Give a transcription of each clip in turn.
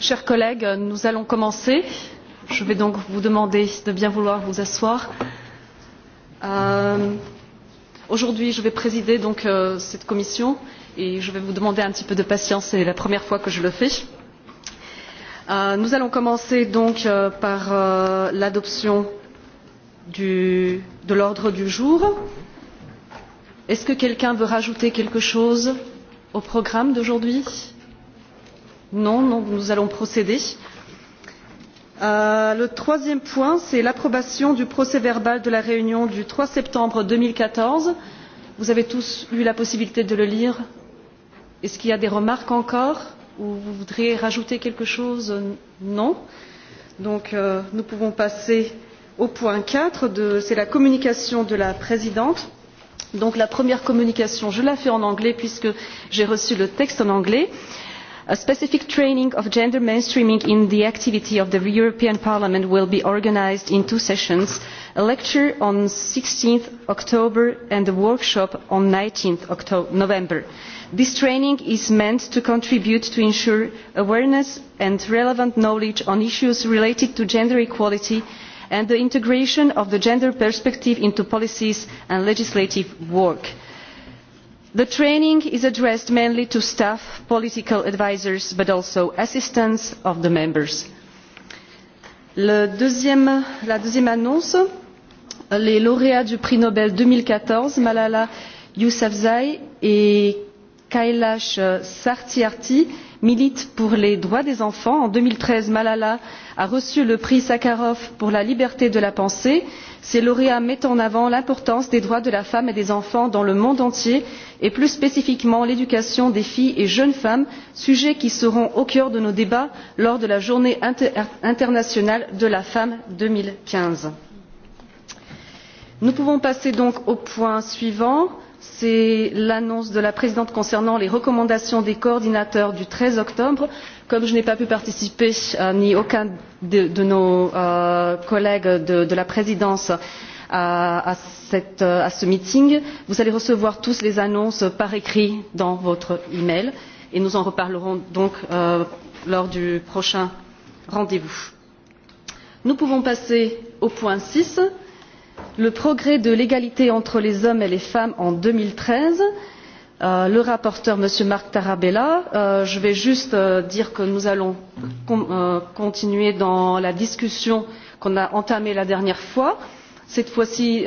chers collègues nous allons commencer je vais donc vous demander de bien vouloir vous asseoir. Euh, aujourd'hui je vais présider donc euh, cette commission et je vais vous demander un petit peu de patience c'est la première fois que je le fais. Euh, nous allons commencer donc euh, par euh, l'adoption de l'ordre du jour. Est-ce que quelqu'un veut rajouter quelque chose au programme d'aujourd'hui Non, non, nous allons procéder. Euh, le troisième point, c'est l'approbation du procès verbal de la réunion du 3 septembre 2014. Vous avez tous eu la possibilité de le lire. Est-ce qu'il y a des remarques encore ou vous voudriez rajouter quelque chose Non. Donc euh, nous pouvons passer au point 4, c'est la communication de la présidente donc la première communication je la fais en anglais puisque j'ai reçu le texte en anglais a specific training of gender mainstreaming in the activity of the european parliament will be organised in two sessions a lecture on sixteen october and a workshop on nineteen november. this training is meant to contribute to ensuring awareness and relevant knowledge on issues related to gender equality and the integration of the gender perspective into policies and legislative work. the training is addressed mainly to staff political advisers but also assistants of the members. Deuxième, la deuxième annonce les lauréats du prix nobel deux mille quatorze malala yousafzai et kailash satyarthi milite pour les droits des enfants. en deux mille treize malala a reçu le prix sakharov pour la liberté de la pensée. ses lauréats mettent en avant l'importance des droits de la femme et des enfants dans le monde entier et plus spécifiquement l'éducation des filles et jeunes femmes sujets qui seront au cœur de nos débats lors de la journée internationale de la femme. deux mille quinze nous pouvons donc passer au point suivant qui c'est l'annonce de la présidente concernant les recommandations des coordinateurs du treize octobre. comme je n'ai pas pu participer euh, ni aucun de, nos euh, collègues de, la présidence euh, à, ce meeting vous allez recevoir tous les annonces par écrit dans votre e mail et nous en reparlerons donc lors du prochain rendez vous. nous pouvons passer au point six le progrès de l'égalité entre les hommes et les femmes en deux mille treize euh, le rapporteur m. marc tarabella euh, je vais juste euh, dire que nous allons continuer dans la discussion que nous avons entamée la dernière fois. cette fois ci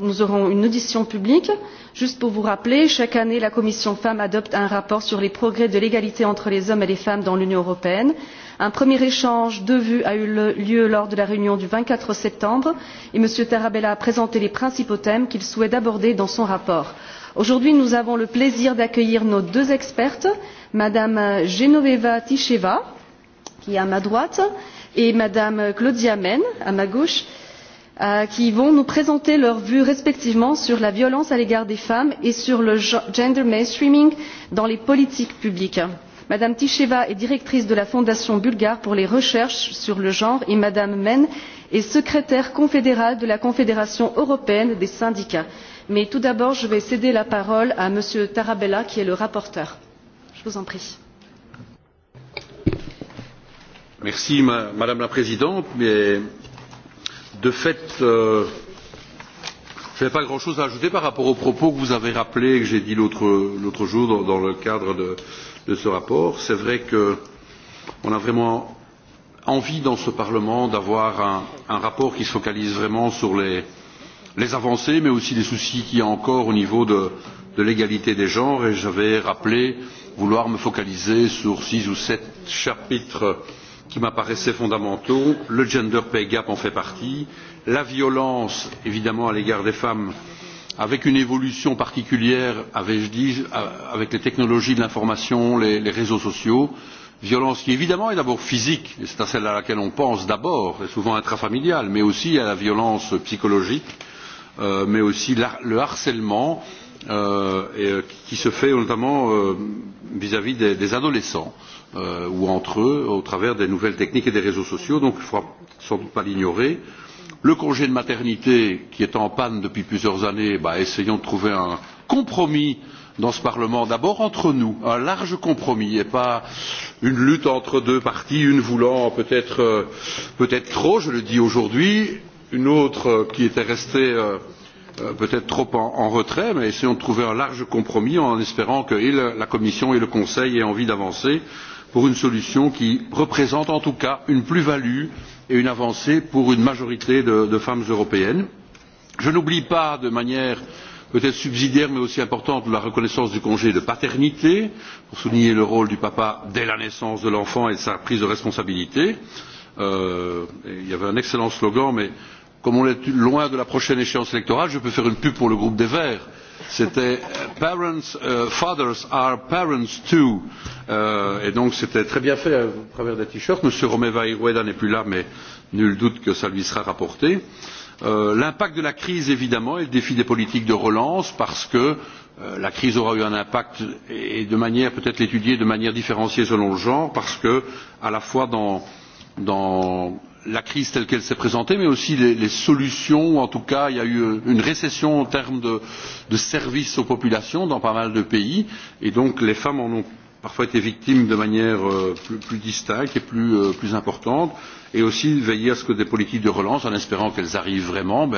nous aurons une audition publique. juste pour vous rappeler chaque année la commission femm adopte un rapport sur les progrès de l'égalité entre les hommes et les femmes dans l'union européenne un premier échange de vues a eu lieu lors de la réunion du vingt quatre septembre et m. tarabella a présenté les principaux thèmes qu'il souhaite aborder dans son rapport. aujourd'hui nous avons le plaisir d'accueillir nos deux expertes mme genoveva tiseva qui est à ma droite et mme claudia mehn à ma gauche euh, qui vont nous présenter leurs vues respectivement sur la violence à l'égard des femmes et sur le gender mainstreaming dans les politiques publiques mme titeva est directrice de la fondation bulgare pour les recherches sur le genre et mme men est secrétaire confédérale de la confédération européenne des syndicats. mais tout d'abord je vais céder la parole à m. tarabella qui est le rapporteur. je vous en prie. madame la présidente de fait euh, je n'ai pas grand chose à ajouter par rapport aux propos que vous avez rappelés et que j'ai tenus l'autre jour dans, dans le cadre de, de ce rapport. C'est vrai qu'on a vraiment envie dans ce Parlement d'avoir un, rapport qui se focalise vraiment sur les, avancées, mais aussi les soucis qu'il y a encore au niveau de l'égalité des genres. Et j'avais rappelé vouloir me focaliser sur six ou sept chapitres qui m'apparaissaient fondamentaux. Le gender pay gap en fait partie. La violence, évidemment, à l'égard des femmes avec une évolution particulière avais je dit euh, avec les technologies de l'information les, les réseaux sociaux violence qui évidemment est d'abord physique et c'est à celle à laquelle on pense d'abord et souvent intrafamiliale mais aussi à la violence psychologique euh, mais aussi la, le harcèlement euh, qui se fait notamment vis à vis des, adolescents ou entre eux au travers des nouvelles techniques et des réseaux sociaux donc il ne faudra sans doute pas l'ignorer le congé de maternité qui est en panne depuis plusieurs années essayons de trouver un compromis dans ce parlement d'abord entre nous un large compromis et pas une lutte entre deux parties une voulant peut être euh, peut être trop je le dis aujourd'hui une autre qui était restée euh, euh, peut être trop en retrait mais essayons de trouver un large compromis en espérant que la commission et le conseil aient envie d'avancer et pour une solution qui représente en tout cas une plus value et une avancée pour une majorité de, femmes européennes. je n'oublie pas de manière peut être subsidiaire mais aussi importante la reconnaissance du congé de paternité pour souligner le rôle du papa dès la naissance de l'enfant et sa prise de responsabilité. Euh, il y avait un excellent slogan mais comme on est loin de la prochaine échéance électorale je peux faire une pub pour le groupe des verts c'était euh, parents euh, fathers are parents too euh, et donc c'était très bien fait travers des t shirts m. romeva i rueda n'est plus là mais nul doute que ça lui sera rapporté. l'impact de la crise évidemment et le défi des politiques de relance parce que la crise aura eu un impact et de manière peut être l'étudier de manière différenciée selon le genre parce que à la fois dans, dans la crise telle qu'elle s'est présentée mais aussi les, les solutions en tout cas il y a eu euh, une récession en termes de, services aux populations dans pas mal de pays et donc les femmes en ont parfois été victimes de manière euh, plus, distincte et euh, plus, importante et aussi veiller à ce que des politiques de relance en espérant qu'elles arrivent vraiment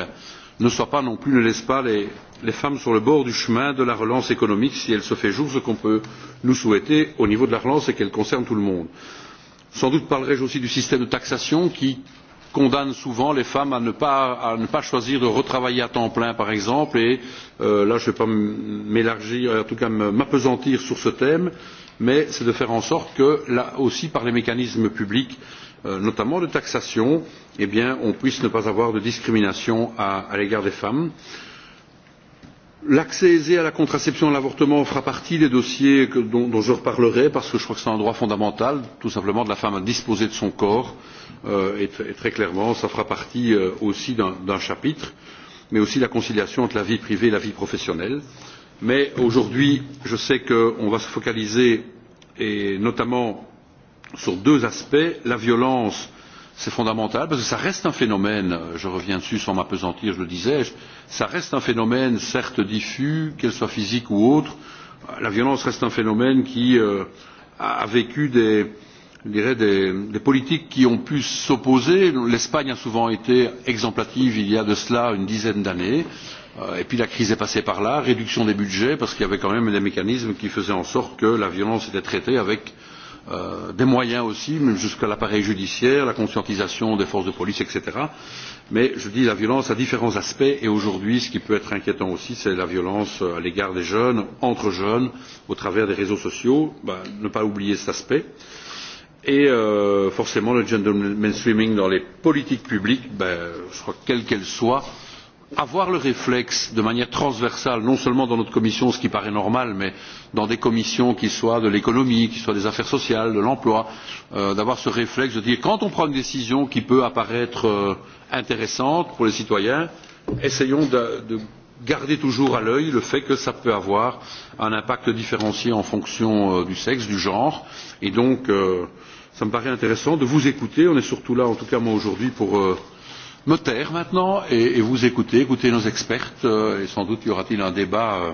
ne soient pas non plus ne laissent pas les, les femmes sur le bord du chemin de la relance économique si elle se fait jour ce qu'on peut nous souhaiter au niveau de la relance et qu'elle concerne tout le monde sans doute parlerai je aussi du système de taxation qui condamne souvent les femmes à ne pas, choisir de retravailler à temps plein par exemple et euh, là je ne vais pas m'élargir en tout cas m'appesantir sur ce thème mais c'est de faire en sorte que là aussi par les mécanismes publics euh, notamment de taxation eh on puisse ne pas avoir de discrimination à, l'égard des femmes. Euh, L'accès aisé à la contraception et à l'avortement fera partie des dossiers dont, je reparlerai parce que je crois que c'est un droit fondamental, tout simplement, de la femme à disposer de son corps. Euh, et, très clairement, cela fera partie euh, aussi d'un chapitre, mais aussi la conciliation entre la vie privée et la vie professionnelle. Mais aujourd'hui, je sais qu'on va se focaliser et notamment sur deux aspects la violence c'est fondamental parce que ça reste un phénomène euh, je reviens dessus sans m'apesantir je le disais ça reste un phénomène certes diffus qu'elle soit physique ou autre euh, la violence reste un phénomène qui euh, a vécu des, je dirais des, des politiques qui ont pu s'opposer l'espagne a souvent été exemplative il y a de cela une dizaine d'années euh, et puis la crise est passée par là réduction des budgets parce qu'il y avait quand même des mécanismes qui faisaient en sorte que la violence était traitée avec euh, Euh, des moyens aussi jusqu'à l'appareil judiciaire la conscientisation des forces de police etc. mais je dis la violence a différents aspects et aujourd'hui ce qui peut être inquiétant aussi c'est la violence euh, à l'égard des jeunes entre jeunes au travers des réseaux sociaux ne pas oublier cet aspect et euh, forcément le gender mainstreaming dans les politiques publiques quelles qu'elles soient avoir le réflexe de manière transversale non seulement dans notre commission ce qui paraît normal mais dans des commissions qui soient de l'économie qui soient des affaires sociales de l'emploi euh, d'avoir ce réflexe de dire quand on prend une décision qui peut apparaître euh, intéressante pour les citoyens essayons de, de garder toujours à l'œil le fait que ça peut avoir un impact différencié en fonction euh, du sexe du genre et donc euh, ça me paraît intéressant de vous écouter on est surtout là en tout cas moi aujourd'hui pour euh, me taire maintenant et, vous écouter, écouter nos experts euh, et sans doute y aura-t-il un débat euh,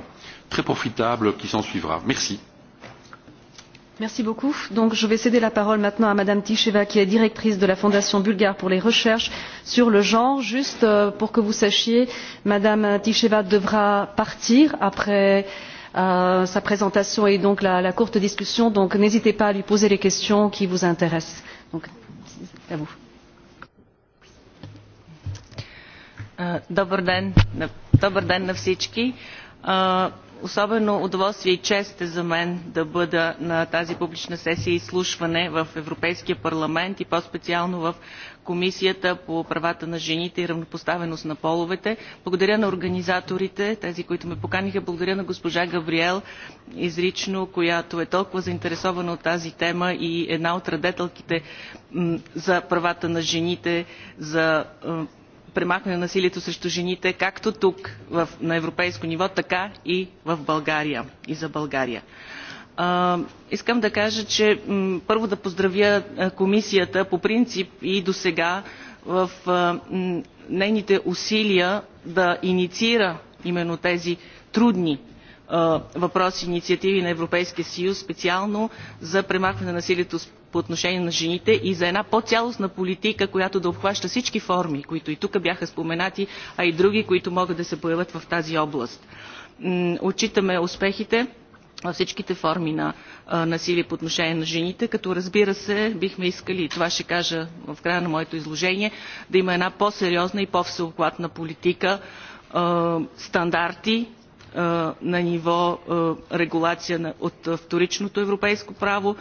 très profitable qui s'ensuivra. Merci. Merci beaucoup. Donc, je vais céder la parole maintenant à mme Ticheva, qui est directrice de la Fondation bulgare pour les recherches sur le genre. Juste euh, pour que vous sachiez, mme Ticheva devra partir après sa présentation et donc la, courte discussion. Donc, n'hésitez pas à lui poser les questions qui vous intéressent. Donc, à vous. Добър ден, на всички! Особено удоволствие и чест е за мен да бъда на тази публична сесия изслушване в Европейския парламент и по-специално в Комисията по правата на жените и равнопоставеност на половете. Благодаря на организаторите, тези, които ме поканиха. Благодаря на госпожа Габриел изрично, която е толкова заинтересована от тази тема и една от радетелките за правата на жените, за премахване на насилието срещу жените както тук на европейско ниво, така и в България и за България. искам да кажа, че първо да поздравя комисията по принцип и до сега в нейните усилия да инициира именно тези трудни въпроси инициативи на европейския съюз специално за премахване на насилието по отношение на жените и за една по-цялостна политика, която да обхваща всички форми, които и тук бяха споменати, а и други, които могат да се появят в тази област. Отчитаме успехите във всичките форми на насилие по отношение на жените, като разбира се, бихме искали, и това ще кажа в края на моето изложение, да има една по-сериозна и по-всеобхватна политика, стандарти, на ниво регулация от вторичното европейско право,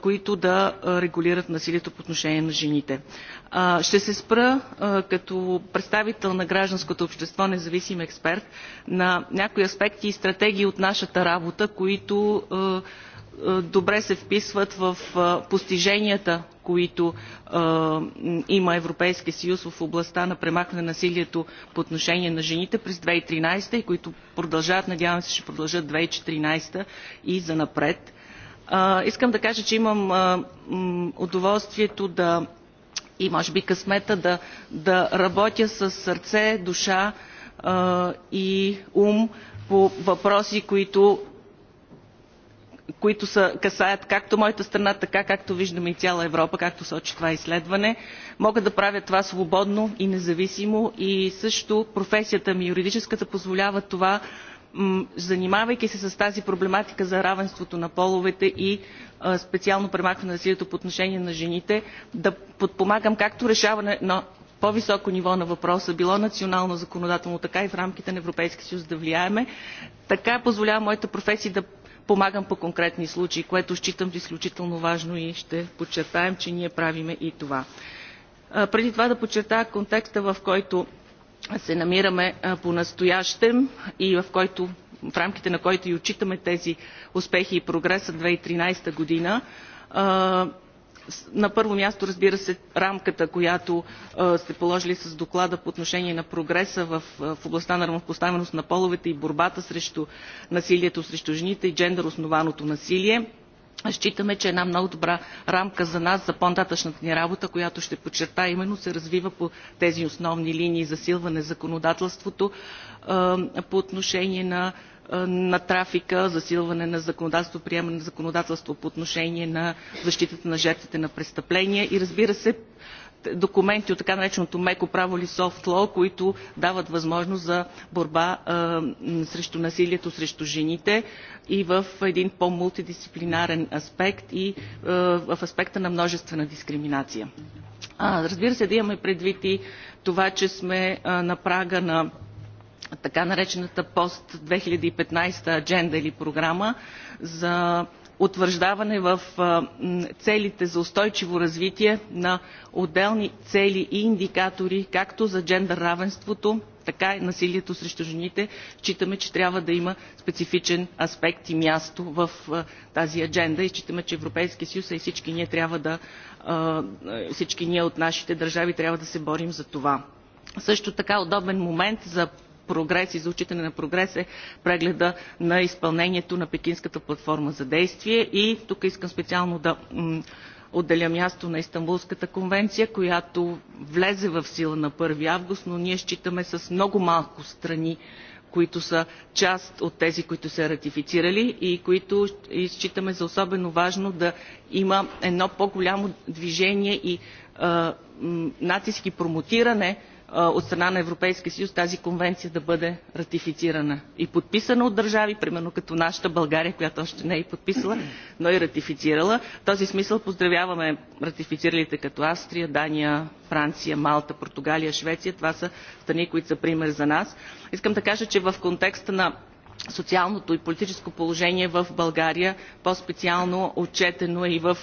които да регулират насилието по отношение на жените. Ще се спра като представител на гражданското общество, независим експерт, на някои аспекти и стратегии от нашата работа, които добре се вписват в постиженията които има Европейския съюз в областта на премахване на насилието по отношение на жените през 2013 и които продължават, надявам се, ще продължат 2014 и занапред. Искам да кажа, че имам удоволствието да и може би късмета да, да работя с сърце, душа и ум по въпроси, които които касаят както моята страна, така както виждаме и цяла Европа, както сочи това изследване. Мога да правя това свободно и независимо и също професията ми, юридическата, позволява това, занимавайки се с тази проблематика за равенството на половете и специално премахване на насилието по отношение на жените, да подпомагам както решаване на по високо ниво на въпроса било национално законодателно така и в рамките на европейския съюз да влияеме. така позволява моята професия да помагам по конкретни случаи, което считам за изключително важно и ще подчертаем, че ние правиме и това. Преди това да подчертая контекста, в който се намираме по настоящем и в който в рамките на който и отчитаме тези успехи и прогреса 2013 година на първо място разбира се рамката която сте положили с доклада по отношение на прогреса в областта на равнопоставеност на половете и борбата срещу насилието срещу жените и джендър основаното насилие считаме че една много добра рамка за нас за по нататъчната ни работа която ще подчерта, именно се развива по тези основни линии засилване законодателството по отношение на на трафика, засилване на законодателство, приемане на законодателство по отношение на защитата на жертвите на престъпления и разбира се документи от така нареченото меко право или soft law, които дават възможност за борба срещу насилието срещу жените и в един по-мултидисциплинарен аспект и в аспекта на множествена дискриминация. Разбира се, да имаме предвид и това, че сме на прага на така наречената пост 2015 адженда или програма за утвърждаване в целите за устойчиво развитие на отделни цели и индикатори както за джендър равенството така и насилието срещу жените считаме че трябва да има специфичен аспект и място в тази адженда и считаме че Европейския съюз и всички ние трябва да всички ние от нашите държави трябва да се борим за това. също така удобен момент за прогрес и за отчитане на прогрес е прегледа на изпълнението на пекинската платформа за действие и тук искам специално да отделя място на истанбулската конвенция която влезе в сила на 1 август но ние считаме с много малко страни които са част от тези които са ратифицирали и които считаме за особено важно да има едно по голямо движение и натиск и промотиране от страна на европейския съюз тази конвенция да бъде ратифицирана и подписана от държави примерно като нашата България, която още не е и подписала но е и ратифицирала. в този смисъл поздравяваме ратифициралите като австрия дания франция малта португалия швеция. това са страни които са пример за нас. искам да кажа че в контекста на социалното и политическо положение в България, по специално отчетено и в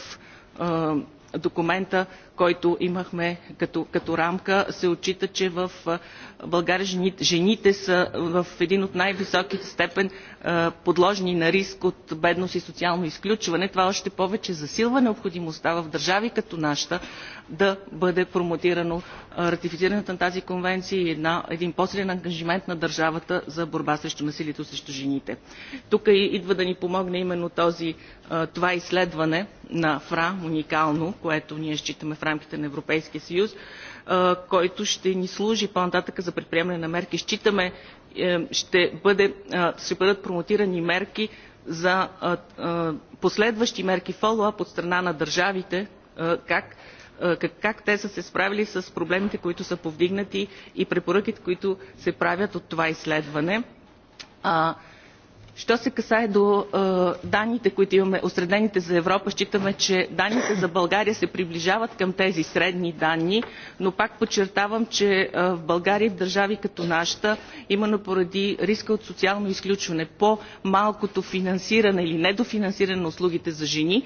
документа който имахме като, като рамка, се отчита, че в България жените, жените са в един от най-високите степен подложени на риск от бедност и социално изключване. Това още повече засилва необходимостта в държави като нашата да бъде промотирано ратифицирането на тази конвенция и една, един по ангажимент на държавата за борба срещу насилието срещу жените. Тук идва да ни помогне именно този, това изследване на ФРА, уникално, което ние считаме в рамките на Европейския съюз, който ще ни служи по-нататък за предприемане на мерки. Считаме, ще, бъде, ще бъдат промотирани мерки за последващи мерки, фоллоуап от страна на държавите, как как те са се справили с проблемите, които са повдигнати и препоръките, които се правят от това изследване. Що се касае до е, данните, които имаме, осредените за Европа, считаме, че данните за България се приближават към тези средни данни, но пак подчертавам, че е, в България и в държави като нашата, именно поради риска от социално изключване, по-малкото финансиране или недофинансиране на услугите за жени, е,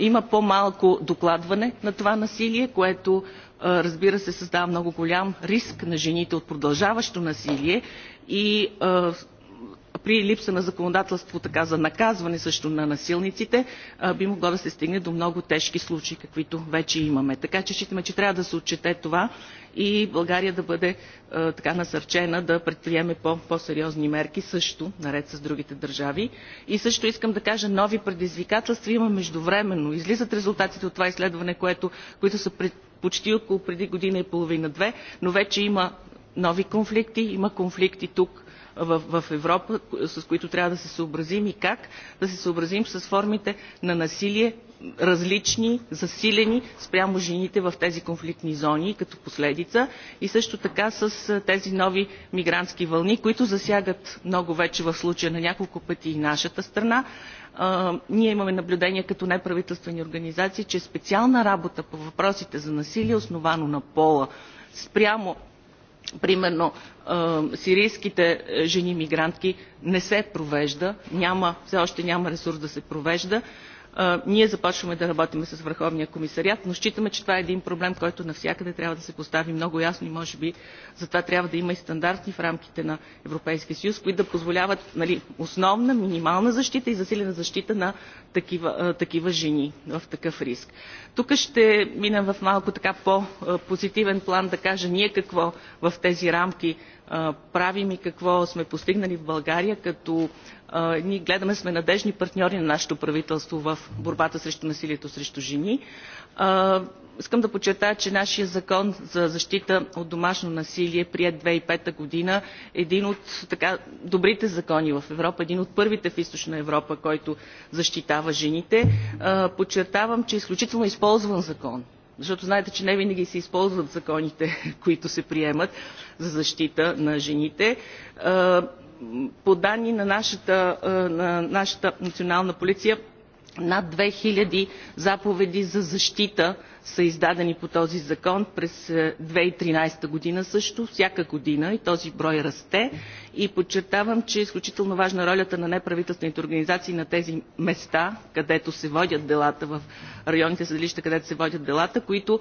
има по-малко докладване на това насилие, което разбира се, създава много голям риск на жените от продължаващо насилие и при липса на законодателство така за наказване също на насилниците би могло да се стигне до много тежки случаи, каквито вече имаме. Така че считаме, че трябва да се отчете това и България да бъде така насърчена да предприеме по-сериозни мерки също, наред с другите държави. И също искам да кажа, нови предизвикателства има междувременно. Излизат резултатите от това изследване, което, които са пред, почти около преди година и половина-две, но вече има нови конфликти, има конфликти тук в, Европа, с които трябва да се съобразим и как да се съобразим с формите на насилие, различни, засилени спрямо жените в тези конфликтни зони като последица и също така с тези нови мигрантски вълни, които засягат много вече в случая на няколко пъти и нашата страна. А, ние имаме наблюдение като неправителствени организации, че специална работа по въпросите за насилие, основано на пола, спрямо примерно сирийските жени мигрантки не се провежда все още няма ресурс да се провежда ние започваме да работим с върховния комисариат но считаме че това е един проблем който навсякъде трябва да се постави много ясно и може би затова трябва да има и стандарти в рамките на европейския съюз които да позволяват нали, основна минимална защита и засилена защита на такива такива жени в такъв риск. тук ще мина в малко така по позитивен план да кажа ние какво в тези рамки правим и какво сме постигнали в България, като ние гледаме сме надежни партньори на нашето правителство в борбата срещу насилието срещу жени. Искам да подчертая, че нашия закон за защита от домашно насилие, прият 2005 година, е един от така, добрите закони в Европа, един от първите в източна Европа, който защитава жените. Подчертавам, че е изключително използван закон защото знаете, че не винаги се използват законите, които се приемат за защита на жените. По данни на нашата, на нашата национална полиция, над две хиляди заповеди за защита са издадени по този закон през 2013 хиляди година също всяка година и този брой расте и подчертавам че е изключително важна ролята на неправителствените организации на тези места където се водят делата в районните съдилища където се водят делата които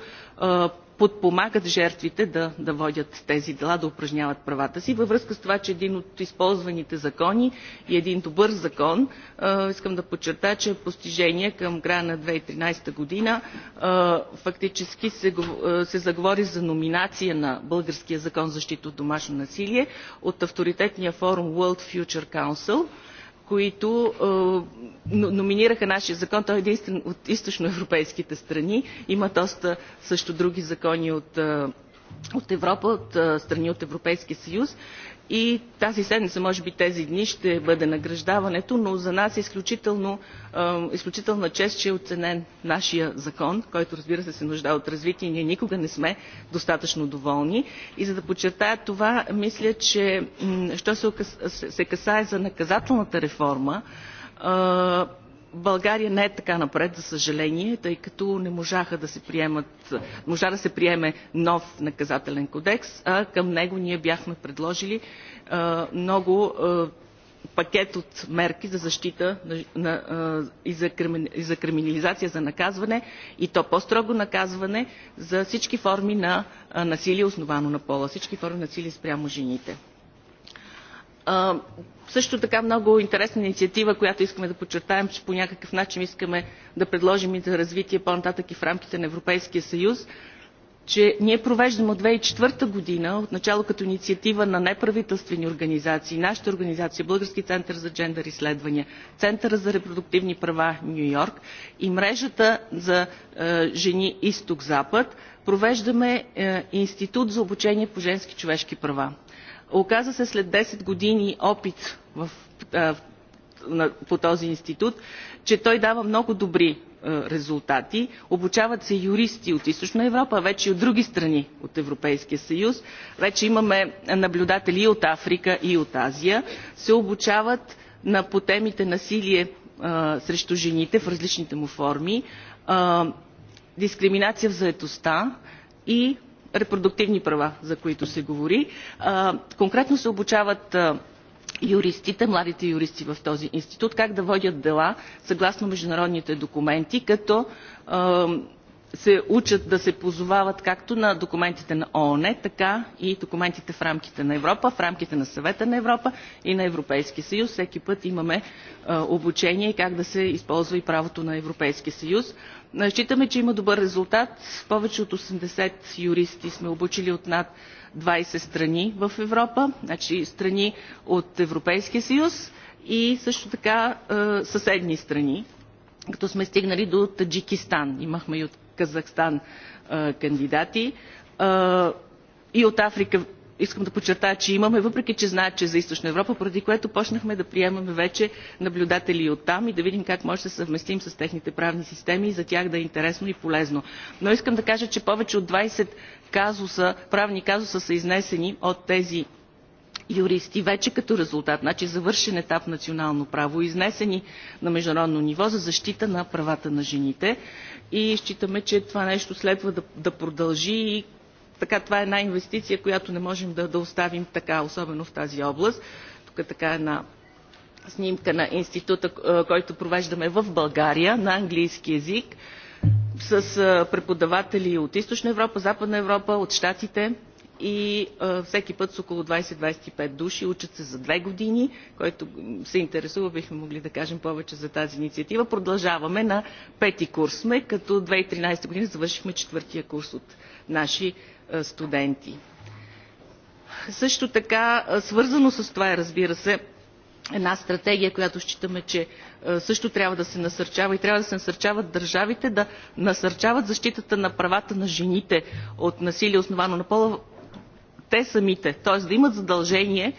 подпомагат жертвите да, да водят тези дела, да упражняват правата си. Във връзка с това, че един от използваните закони и един добър закон, е, искам да подчертая, че постижение към края на 2013 година е, фактически се, е, се заговори за номинация на Българския закон за защита от домашно насилие от авторитетния форум World Future Council – които номинираха нашия закон. Той е единствен от източноевропейските страни. Има доста също други закони от, Европа, от страни от Европейския съюз и тази седмица може би тези дни ще бъде награждаването но за нас е изключително, изключителна чест че е оценен нашия закон който разбира се се нуждае от развитие и ние никога не сме достатъчно доволни. и за да подчертая това мисля че що се касае за наказателната реформа България не е така напред, за съжаление, тъй като не можаха да се приемат, можа да се приеме нов наказателен кодекс, а към него ние бяхме предложили а, много а, пакет от мерки за защита на, на, а, и, за кримин, и за криминализация за наказване и то по-строго наказване за всички форми на а, насилие основано на пола, всички форми на насилие спрямо жените също така много интересна инициатива която искаме да подчертаем че по някакъв начин искаме да предложим и за развитие по нататък и в рамките на европейския съюз че ние провеждаме от две хиляди и четвърта година, отначало като инициатива на неправителствени организации, нашата организация, Български център за джендър изследвания, Центъра за репродуктивни права ню Йорк и мрежата за жени Изток-Запад, провеждаме институт за обучение по женски човешки права оказа се след 10 години опит в, а, по този институт че той дава много добри а, резултати обучават се юристи от източна европа вече и от други страни от европейския съюз вече имаме наблюдатели и от африка и от азия се обучават на, по темите насилие а, срещу жените в различните му форми а, дискриминация в заедостта и репродуктивни права, за които се говори. Конкретно се обучават юристите, младите юристи в този институт, как да водят дела съгласно международните документи, като се учат да се позовават както на документите на ООН, така и документите в рамките на Европа, в рамките на съвета на Европа и на Европейския съюз. Всеки път имаме обучение как да се използва и правото на Европейския съюз. Считаме, че има добър резултат. Повече от 80 юристи сме обучили от над 20 страни в Европа, значи страни от Европейския съюз и също така съседни страни, като сме стигнали до Таджикистан. Имахме и от Казахстан кандидати. и от Африка искам да подчертая, че имаме, въпреки че знаят, че е за източна Европа, поради което почнахме да приемаме вече наблюдатели от там и да видим как може да се съвместим с техните правни системи и за тях да е интересно и полезно. Но искам да кажа, че повече от 20 казуса, правни казуса са изнесени от тези юристи вече като резултат, значи завършен етап национално право, изнесени на международно ниво за защита на правата на жените. И считаме, че това нещо следва да, да продължи и така това е една инвестиция, която не можем да, да оставим така, особено в тази област. Тук е така една снимка на института, който провеждаме в България на английски язик с преподаватели от Източна Европа, Западна Европа, от Штатите и всеки път с около 20-25 души. Учат се за две години. Който се интересува, бихме могли да кажем повече за тази инициатива. Продължаваме на пети курс сме, като 2013 година завършихме четвъртия курс от наши студенти. Също така, свързано с това е, разбира се, една стратегия, която считаме, че също трябва да се насърчава и трябва да се насърчават държавите да насърчават защитата на правата на жените от насилие, основано на пола, те самите, т.е. да имат задължение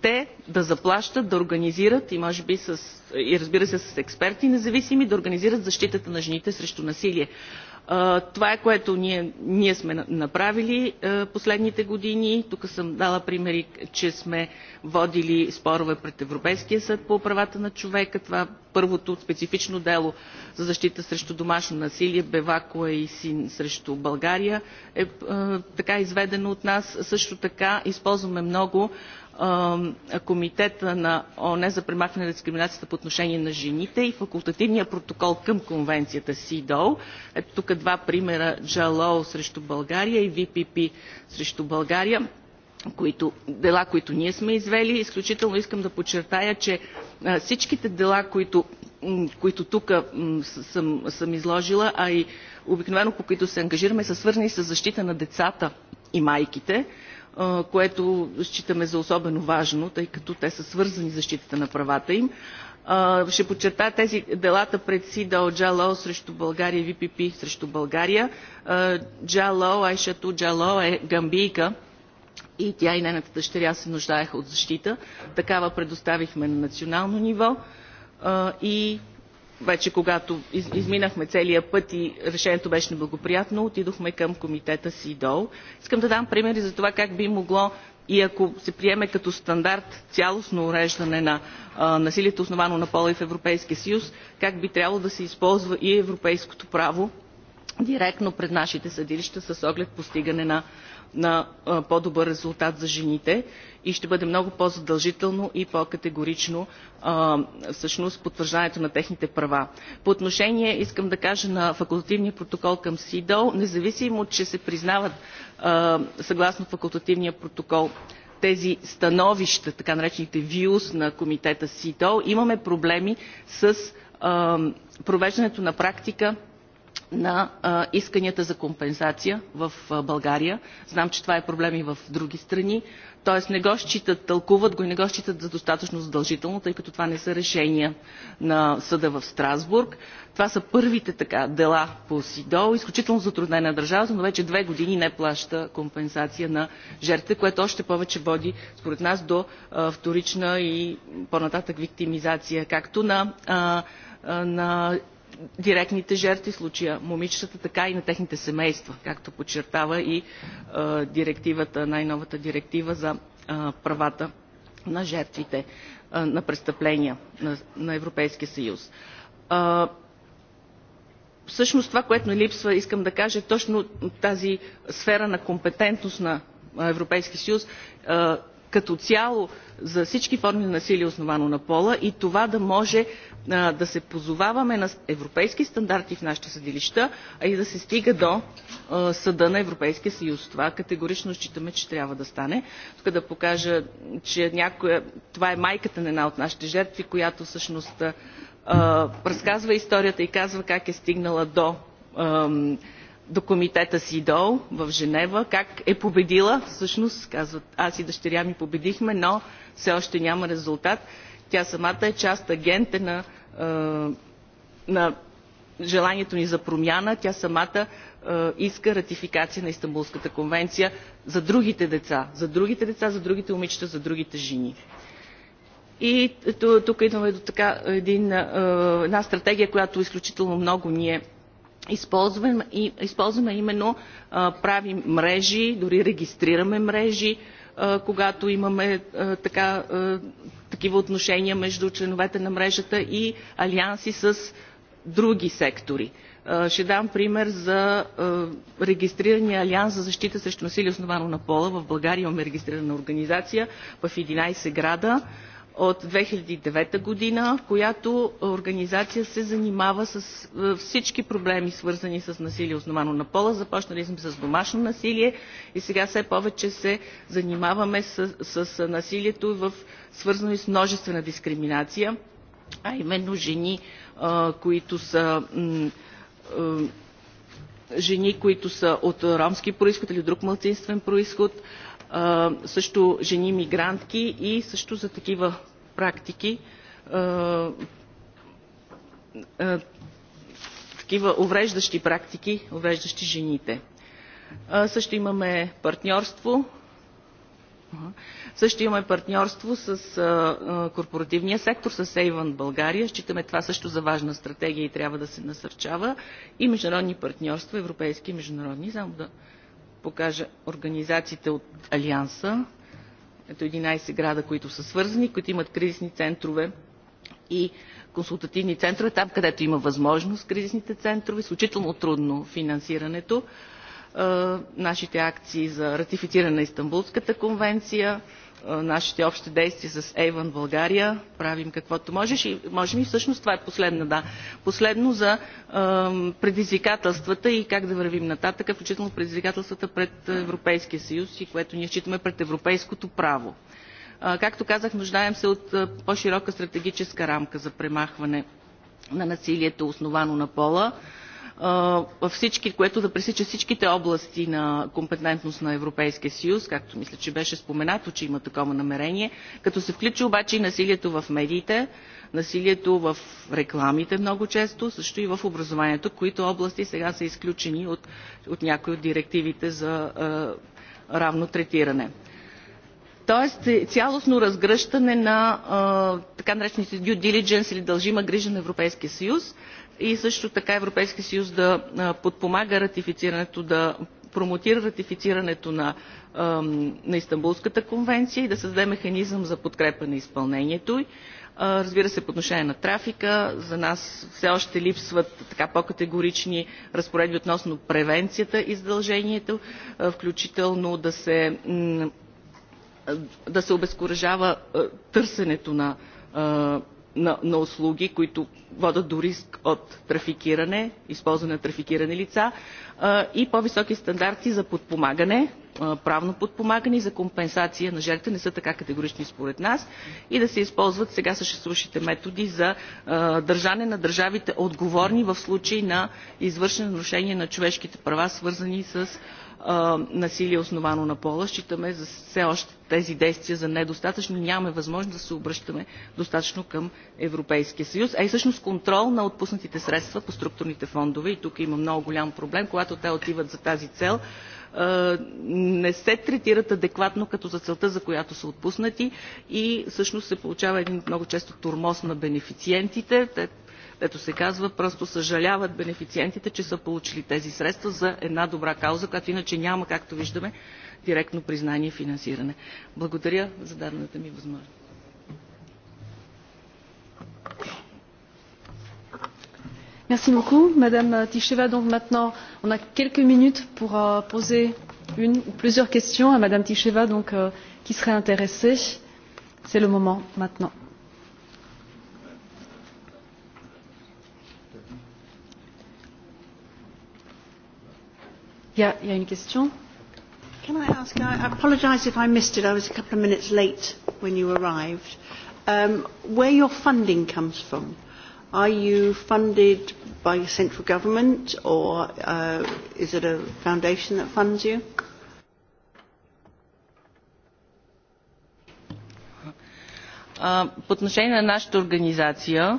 те да заплащат, да организират и може би с, и разбира се с експерти независими, да организират защитата на жените срещу насилие това е което ние, ние сме направили последните години. Тук съм дала примери, че сме водили спорове пред Европейския съд по правата на човека. Това първото специфично дело за защита срещу домашно насилие, Бевакуа и син срещу България е, е така изведено от нас. Също така използваме много комитета на оон за премахване на дискриминацията по отношение на жените и факултативния протокол към конвенцията сидоу. Ето тук два примера джалоу срещу България и ВПП срещу България които, дела, които ние сме извели. Изключително искам да подчертая, че всичките дела, които, които тук съм, съм изложила, а и обикновено по които се ангажираме, са свързани с защита на децата и майките което считаме за особено важно, тъй като те са свързани с защитата на правата им. Ще подчерта тези делата пред СИДАО Джалао срещу България и ВПП срещу България. Джалао, Айшато Джалао е гамбийка и тя и нената дъщеря се нуждаеха от защита. Такава предоставихме на национално ниво и вече когато из, изминахме целия път и решението беше неблагоприятно, отидохме към комитета СИДОЛ. Искам да дам примери за това как би могло и ако се приеме като стандарт цялостно уреждане на а, насилието основано на пола и в Европейския съюз, как би трябвало да се използва и европейското право директно пред нашите съдилища с оглед постигане на на по добър резултат за жените и ще бъде много по задължително и по категорично всъщност потвърждането на техните права. по отношение искам да кажа на факултативния протокол към сидо независимо че се признават съгласно факултативния протокол тези становища така наречените views на комитета сидо имаме проблеми с провеждането на практика на исканията за компенсация в България. Знам, че това е проблем и в други страни. Тоест не го считат, тълкуват го и не го считат за достатъчно задължително, тъй като това не са решения на съда в Страсбург. Това са първите така дела по СИДО. Изключително затруднена държавата, но вече две години не плаща компенсация на жертвите, което още повече води според нас до а, вторична и по-нататък виктимизация, както на, а, на директните жертви в случая момичетата така и на техните семейства както подчертава и директивата, най новата директива за правата на жертвите на престъпления на европейския съюз. всъщност това което не липсва искам да кажа точно тази сфера на компетентност на европейския съюз като цяло за всички форми на насилие основано на пола и това да може да се позоваваме на европейски стандарти в нашите съдилища а и да се стига до съда на европейския съюз. това категорично считаме че трябва да стане. тук да покажа че това е майката на една от нашите жертви която всъщност разказва историята и казва как е стигнала до до комитета сидол в женева как е победила всъщност казват аз и дъщеря ми победихме но все още няма резултат тя самата е част агент на, е, на желанието ни за промяна тя самата иска ратификация на Истанбулската конвенция за другите деца, за другите деца, за другите момичета, за другите жени. И тук идваме до така един, една стратегия, която изключително много ни е използваме, именно правим мрежи, дори регистрираме мрежи, когато имаме такива отношения между членовете на мрежата и алианси с други сектори. Ще дам пример за регистрирания Алианс за защита срещу насилие основано на пола. В България имаме регистрирана организация в 11 града от 2009 година, която организация се занимава с всички проблеми, свързани с насилие, основано на пола. Започнали сме с домашно насилие и сега все повече се занимаваме с, с насилието, в, свързано и с множествена дискриминация, а именно жени, а, които са а, жени, които са от ромски происход или друг младсинствен происход, също жени мигрантки и също за такива практики такива увреждащи практики, увреждащи жените. Също имаме партньорство също имаме партньорство с корпоративния сектор, с Avon България. Считаме това също за важна стратегия и трябва да се насърчава. И международни партньорства, европейски и международни. Само да покажа организациите от Алианса. Ето 11 града, които са свързани, които имат кризисни центрове и консултативни центрове, там където има възможност кризисните центрове, изключително трудно финансирането. Нашите акции за ратифициране на Истанбулската конвенция, нашите общи действия с Avon България. Правим каквото можеш и можем и всъщност това е последно, да. Последно за е, предизвикателствата и как да вървим нататък, включително предизвикателствата пред Европейския съюз и което ние считаме пред европейското право. Е, както казах, нуждаем се от е, по-широка стратегическа рамка за премахване на насилието, основано на пола. Е, което да пресича всичките области на компетентност на Европейския съюз, както мисля, че беше споменато, че има такова намерение, като се включи обаче и насилието в медиите, насилието в рекламите много често, също и в образованието, които области сега са изключени от, от някои от директивите за равно третиране. Тоест цялостно разгръщане на така наречените due diligence или дължима грижа на Европейския съюз и също така Европейския съюз да подпомага ратифицирането, да промотира ратифицирането на, на Истанбулската конвенция и да създаде механизъм за подкрепа на изпълнението й. Разбира се, по отношение на трафика, за нас все още липсват така по-категорични разпоредби относно превенцията и задължението, включително да се да се обезкуражава търсенето на, на, на услуги, които водят до риск от трафикиране, използване на трафикирани лица и по-високи стандарти за подпомагане, правно подпомагане и за компенсация на жертвите не са така категорични според нас и да се използват сега съществуващите методи за държане на държавите отговорни в случай на извършено нарушение на човешките права, свързани с насилие основано на пола. Считаме за все още тези действия за недостатъчно. Нямаме възможност да се обръщаме достатъчно към Европейския съюз. А и всъщност контрол на отпуснатите средства по структурните фондове. И тук има много голям проблем, когато те отиват за тази цел не се третират адекватно като за целта, за която са отпуснати и всъщност се получава един много често турмоз на бенефициентите. Те дето се казва, просто съжаляват бенефициентите, че са получили тези средства за една добра кауза, която иначе няма, както виждаме, директно признание и финансиране. Благодаря за дадената ми възможност. Merci beaucoup, Madame Ticheva. Donc maintenant, on a quelques minutes pour euh, poser une ou plusieurs questions à Madame Ticheva, donc euh, qui serait intéressée. C'est le moment maintenant. Yeah, il y a une question. Can I ask, I apologise if I missed it, I was a couple of minutes late when you arrived, um, where your funding comes from. Are you funded by a central government or uh, is it a foundation that funds you? По uh, отношение на нашата организация,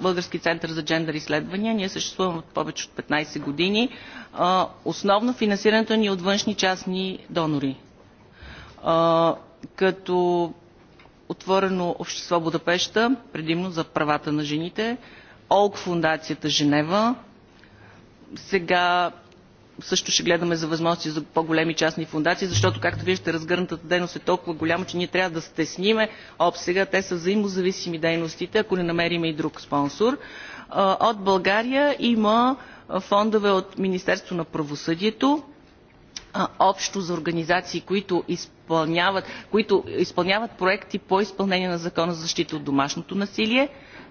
Български център за джендър изследвания. Ние съществуваме от повече от 15 години. Основно финансирането ни е от външни частни донори. Като отворено общество Будапешта, предимно за правата на жените, ОЛК фундацията Женева, сега също ще гледаме за възможности за по големи частни фундации, защото както виждате разгърнатата дейност е толкова голяма че ние трябва да стесниме обсега. те са взаимозависими дейностите ако не намерим и друг спонсор. от България има фондове от Министерство на правосъдието общо за организации които изпълняват, които изпълняват проекти по изпълнение на закона за защита от домашното насилие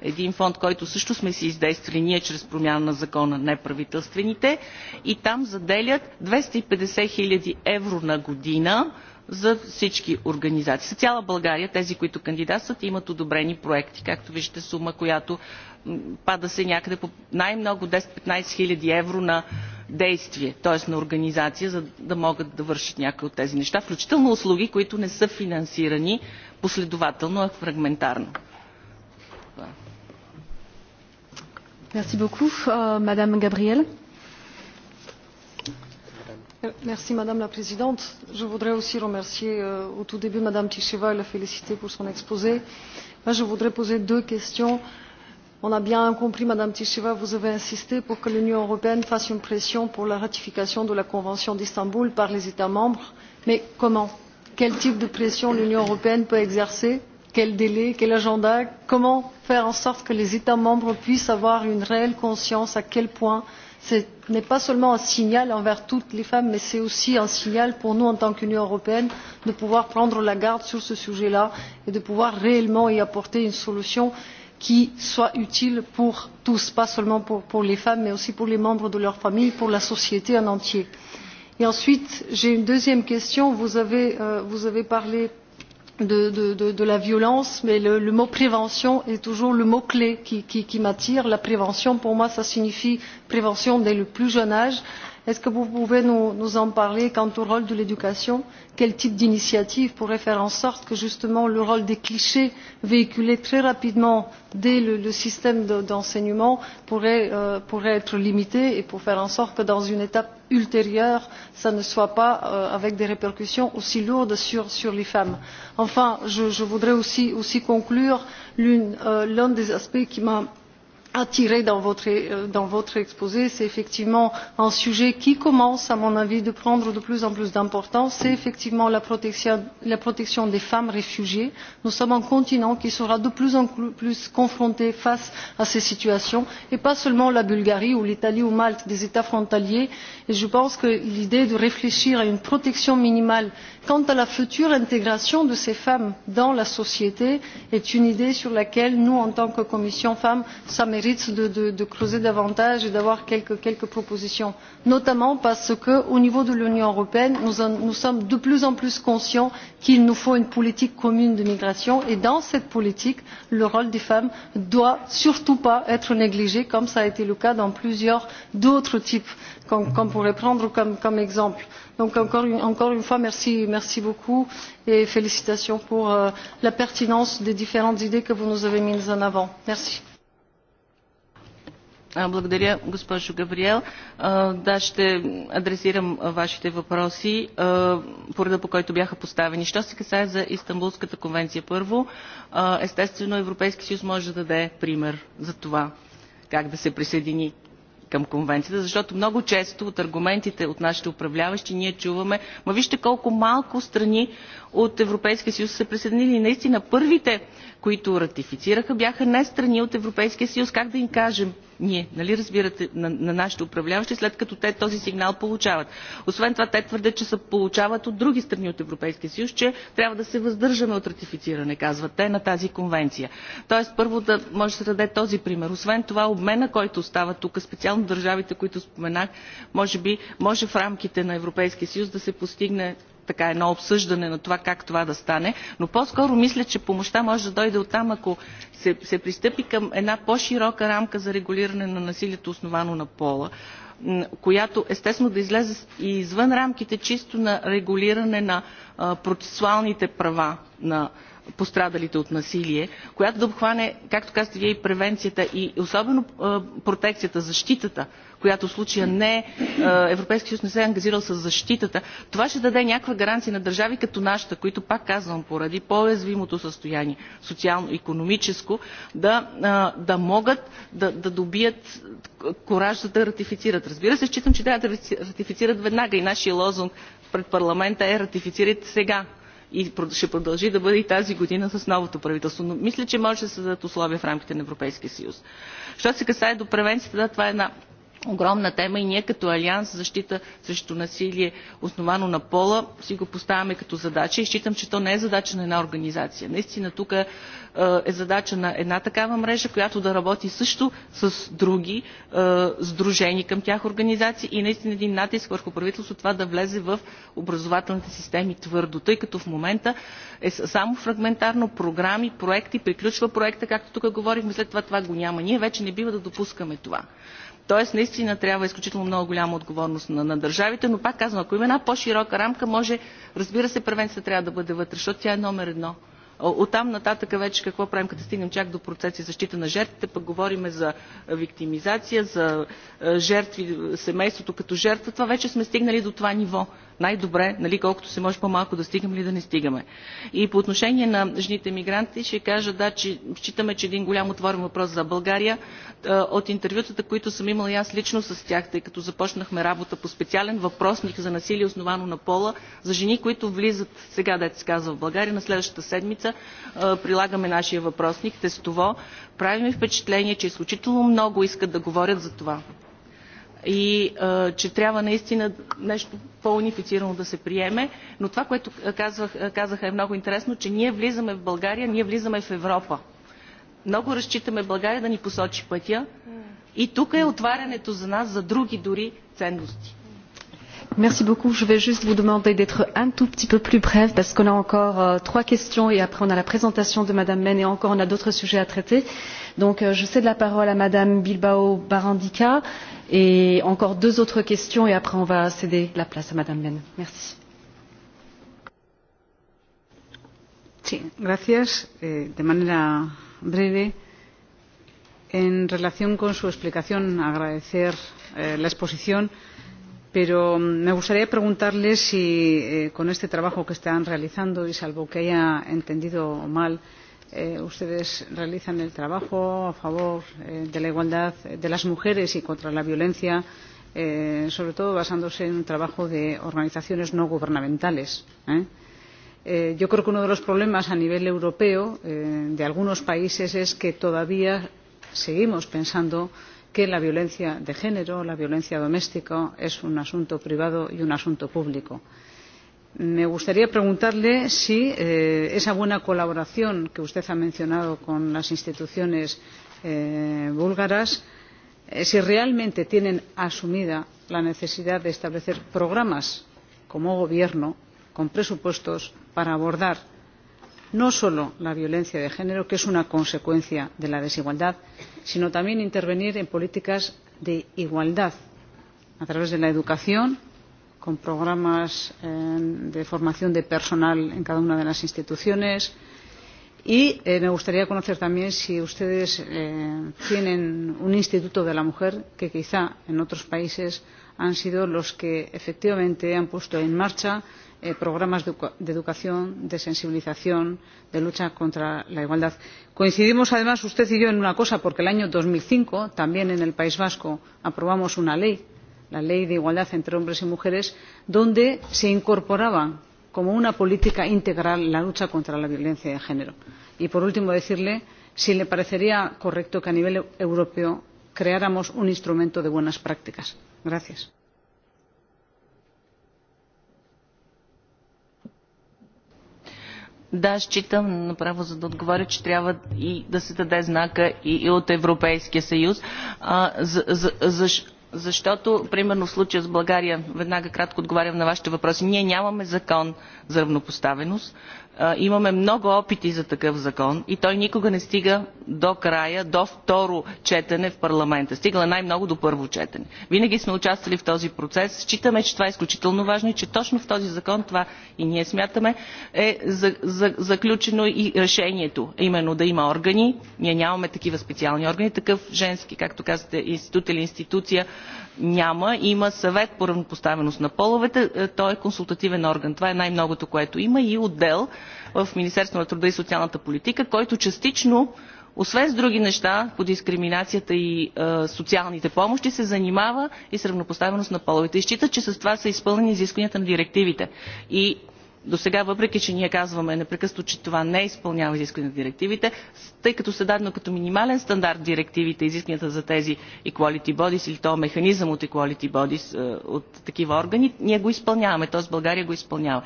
един фонд, който също сме си издействали ние чрез промяна на закона неправителствените и там заделят 250 хиляди евро на година за всички организации. За цяла България тези, които кандидатстват, имат одобрени проекти. Както виждате, сума, която пада се някъде по най-много 10-15 хиляди евро на действие, т.е. на организация, за да могат да вършат някои от тези неща, включително услуги, които не са финансирани последователно, а фрагментарно. Това. Merci beaucoup. Euh, Madame Gabrielle. Merci Madame la Présidente. Je voudrais aussi remercier euh, au tout début Madame Ticheva et la féliciter pour son exposé. Moi, je voudrais poser deux questions. On a bien compris, Madame Ticheva, vous avez insisté pour que l'Union européenne fasse une pression pour la ratification de la Convention d'Istanbul par les États membres. Mais comment Quel type de pression l'Union européenne peut exercer quel délai quel agenda comment faire en sorte que les états membres puissent avoir une réelle conscience à quel point ce n'est pas seulement un signal envers toutes les femmes mais c'est aussi un signal pour nous en tant qu'union européenne de pouvoir prendre la garde sur ce sujet là et de pouvoir réellement y apporter une solution qui soit utile pour tous pas seulement pour, les femmes mais aussi pour les membres de leur famille pour la société en entier. ensuite j'ai une deuxième question vous avez euh, parlé de, la violence mais le, mot prévention est toujours le mot clé qui, m'attire. la prévention pour moi ça signifie prévention dès le plus jeune âge et est ce que vous pouvez nous, en parler quant au rôle de l'éducation quel type d'initiative pourrait faire en sorte que justement le rôle des clichés véhiculés très rapidement dès le, système d'enseignement euh, pourrait, être limité et pour faire en sorte que dans une étape ultérieure ça ne soit pas euh, avec des répercussions aussi lourdes sur, les femmes. enfin je, voudrais aussi, conclure euh, l'un des aspects qui m'a attiré dans votre, exposé c'est effectivement un sujet qui commence à mon avis à prendre de plus en plus d'importance c'est effectivement la protection, la protection des femmes réfugiées. nous sommes un continent qui sera de plus en plus confronté à ces situations et pas seulement la bulgarie ou l'italie ou malte des états frontaliers et je pense que l'idée de réfléchir à une protection minimale quant à la future intégration de ces femmes dans la société est une idée sur laquelle nous en tant que commission femm cela mérite de, creuser davantage et d'avoir quelques, propositions notamment parce qu'au niveau de l'union européenne nous, sommes de plus en plus conscients qu'il nous faut une politique commune de migration et dans cette politique le rôle des femmes ne doit surtout pas être négligé comme cela a été le cas dans plusieurs autres types qu'on pourrait prendre comme exemple donc encore une, fois merci, beaucoup et félicitations pour la pertinence des différentes idées que vous nous avez mises en avant. merci. Благодаря, госпожо Габриел. Да, ще адресирам вашите въпроси по реда, по който бяха поставени. Що се касае за Истанбулската конвенция първо, естествено Европейски съюз може да даде пример за това как да се присъедини към конвенцията, защото много често от аргументите от нашите управляващи ние чуваме, ма вижте колко малко страни от Европейския съюз са присъединили. Наистина първите които ратифицираха бяха не страни от европейския съюз как да им кажем ние нали разбирате на, на нашите управляващи след като те този сигнал получават. освен това те твърдят че се получават от други страни от европейския съюз че трябва да се въздържаме от ратифициране казват те на тази конвенция. тоест първо да може да се даде този пример. освен това обмена който става тук специално държавите които споменах може би може в рамките на европейския съюз да се постигне едно обсъждане на това как това да стане, но по-скоро мисля, че помощта може да дойде от там, ако се, се пристъпи към една по-широка рамка за регулиране на насилието основано на пола, която естествено да излезе и извън рамките чисто на регулиране на процесуалните права на пострадалите от насилие, която да обхване, както казвате вие, и превенцията и особено протекцията, защитата, която в случая не е, Европейския съюз не се е ангазирал с защитата, това ще даде някаква гаранция на държави като нашата, които, пак казвам, поради по-уязвимото състояние, социално-економическо, да, да могат да, да добият кораж да ратифицират. Разбира се, считам, че трябва да ратифицират веднага и нашия лозунг пред парламента е ратифицирайте сега и ще продължи да бъде и тази година с новото правителство. Но мисля, че може да се създадат условия в рамките на Европейския съюз. Що се касае до превенцията, да, това е една огромна тема и ние като Алианс за защита срещу насилие, основано на пола, си го поставяме като задача и считам, че то не е задача на една организация. Наистина тук е, задача на една такава мрежа, която да работи също с други е, сдружени към тях организации и наистина един натиск върху правителството това да влезе в образователните системи твърдо, тъй като в момента е само фрагментарно програми, проекти, приключва проекта, както тук говорихме, след това това го няма. Ние вече не бива да допускаме това. Тоест, наистина трябва изключително много голяма отговорност на, на държавите, но пак казвам, ако има една по-широка рамка, може, разбира се, превенцията трябва да бъде вътре, защото тя е номер едно. От там нататък вече какво правим, като стигнем чак до процеси защита на жертвите, пък говорим за виктимизация, за жертви, семейството като жертва. Това вече сме стигнали до това ниво най-добре, нали, колкото се може по-малко да стигаме или да не стигаме. И по отношение на жените мигранти ще кажа, да, че считаме, че един голям отворен въпрос за България. От интервютата, които съм имала и аз лично с тях, тъй като започнахме работа по специален въпросник за насилие, основано на пола, за жени, които влизат сега, да се казва, в България, на следващата седмица прилагаме нашия въпросник, тестово. Правим впечатление, че изключително много искат да говорят за това и а, че трябва наистина нещо по-унифицирано да се приеме. Но това, което казвах, казаха е много интересно, че ние влизаме в България, ние влизаме в Европа. Много разчитаме България да ни посочи пътя и тук е отварянето за нас, за други дори ценности. Merci beaucoup. Je vais juste vous demander d'être un tout petit peu plus bref parce qu'on a encore euh, trois questions et après on a la présentation de Madame Men et encore on a d'autres sujets à traiter. Euh, Donc euh, je cède la parole à Madame Bilbao Barandica et encore deux autres questions et après on va céder la place à Madame Lenne. Merci. Sí, gracias. Eh, de manera breve, en relación con su explicación, agradecer eh, la exposición, pero mm, me gustaría preguntarle si eh, con este trabajo que están realizando, y salvo que haya entendido mal, eh, Eh, ustedes realizan el trabajo a favor eh, de la igualdad de las mujeres y contra la violencia, eh, sobre todo basándose en un trabajo de organizaciones no gubernamentales. yo creo que uno de los problemas a nivel europeo de algunos países es que todavía seguimos pensando que la violencia de género, la violencia doméstica, es un asunto privado y un asunto público me gustaría preguntarle si eh, esa buena colaboración que usted ha mencionado con las instituciones eh, búlgaras eh, si realmente tienen asumida la necesidad de establecer programas como gobierno con presupuestos para abordar no solo la violencia de género que es una consecuencia de la desigualdad sino también intervenir en políticas de igualdad a través de la educación con programas de formación de personal en cada una de las instituciones y eh, me gustaría conocer también si ustedes eh, tienen un instituto de la mujer que quizá en otros países han sido los que efectivamente han puesto en marcha eh, programas de, educación de sensibilización de lucha contra la igualdad. coincidimos además usted y yo en una cosa porque en el año dos mil cinco también en el país vasco aprobamos una ley la ley de igualdad entre hombres y mujeres donde se incorporaba como una política integral la lucha contra la violencia de género. y por último quisiera preguntarle si le parecería correcto que a nivel europeo creáramos un instrumento de buenas prácticas. gracias. Да, считам направо за да отговоря, че трябва и да се даде знака и от Европейския съюз. А, за, за, за, защото примерно в случая с България, веднага кратко отговарям на вашите въпроси, ние нямаме закон за равнопоставеност имаме много опити за такъв закон и той никога не стига до края до второ четене в парламента стигал е най много до първо четене. винаги сме участвали в този процес. считаме че това е изключително важно и че точно в този закон това и ние смятаме е заключено и решението именно да има органи ние нямаме такива специални органи такъв женски както казвате институт или институция няма. Има съвет по равнопоставеност на половете. Той е консултативен орган. Това е най-многото, което има. И отдел в Министерството на труда и социалната политика, който частично освен с други неща по дискриминацията и е, социалните помощи, се занимава и с равнопоставеност на половете. И счита че с това са изпълнени изискванията на директивите. И досега въпреки че ние казваме непрекъснато, че това не изпълнява изискванията на директивите, тъй като са дадено като минимален стандарт директивите, изискванията за тези equality bodies или то механизъм от equality bodies от такива органи, ние го изпълняваме, т.е. България го изпълнява.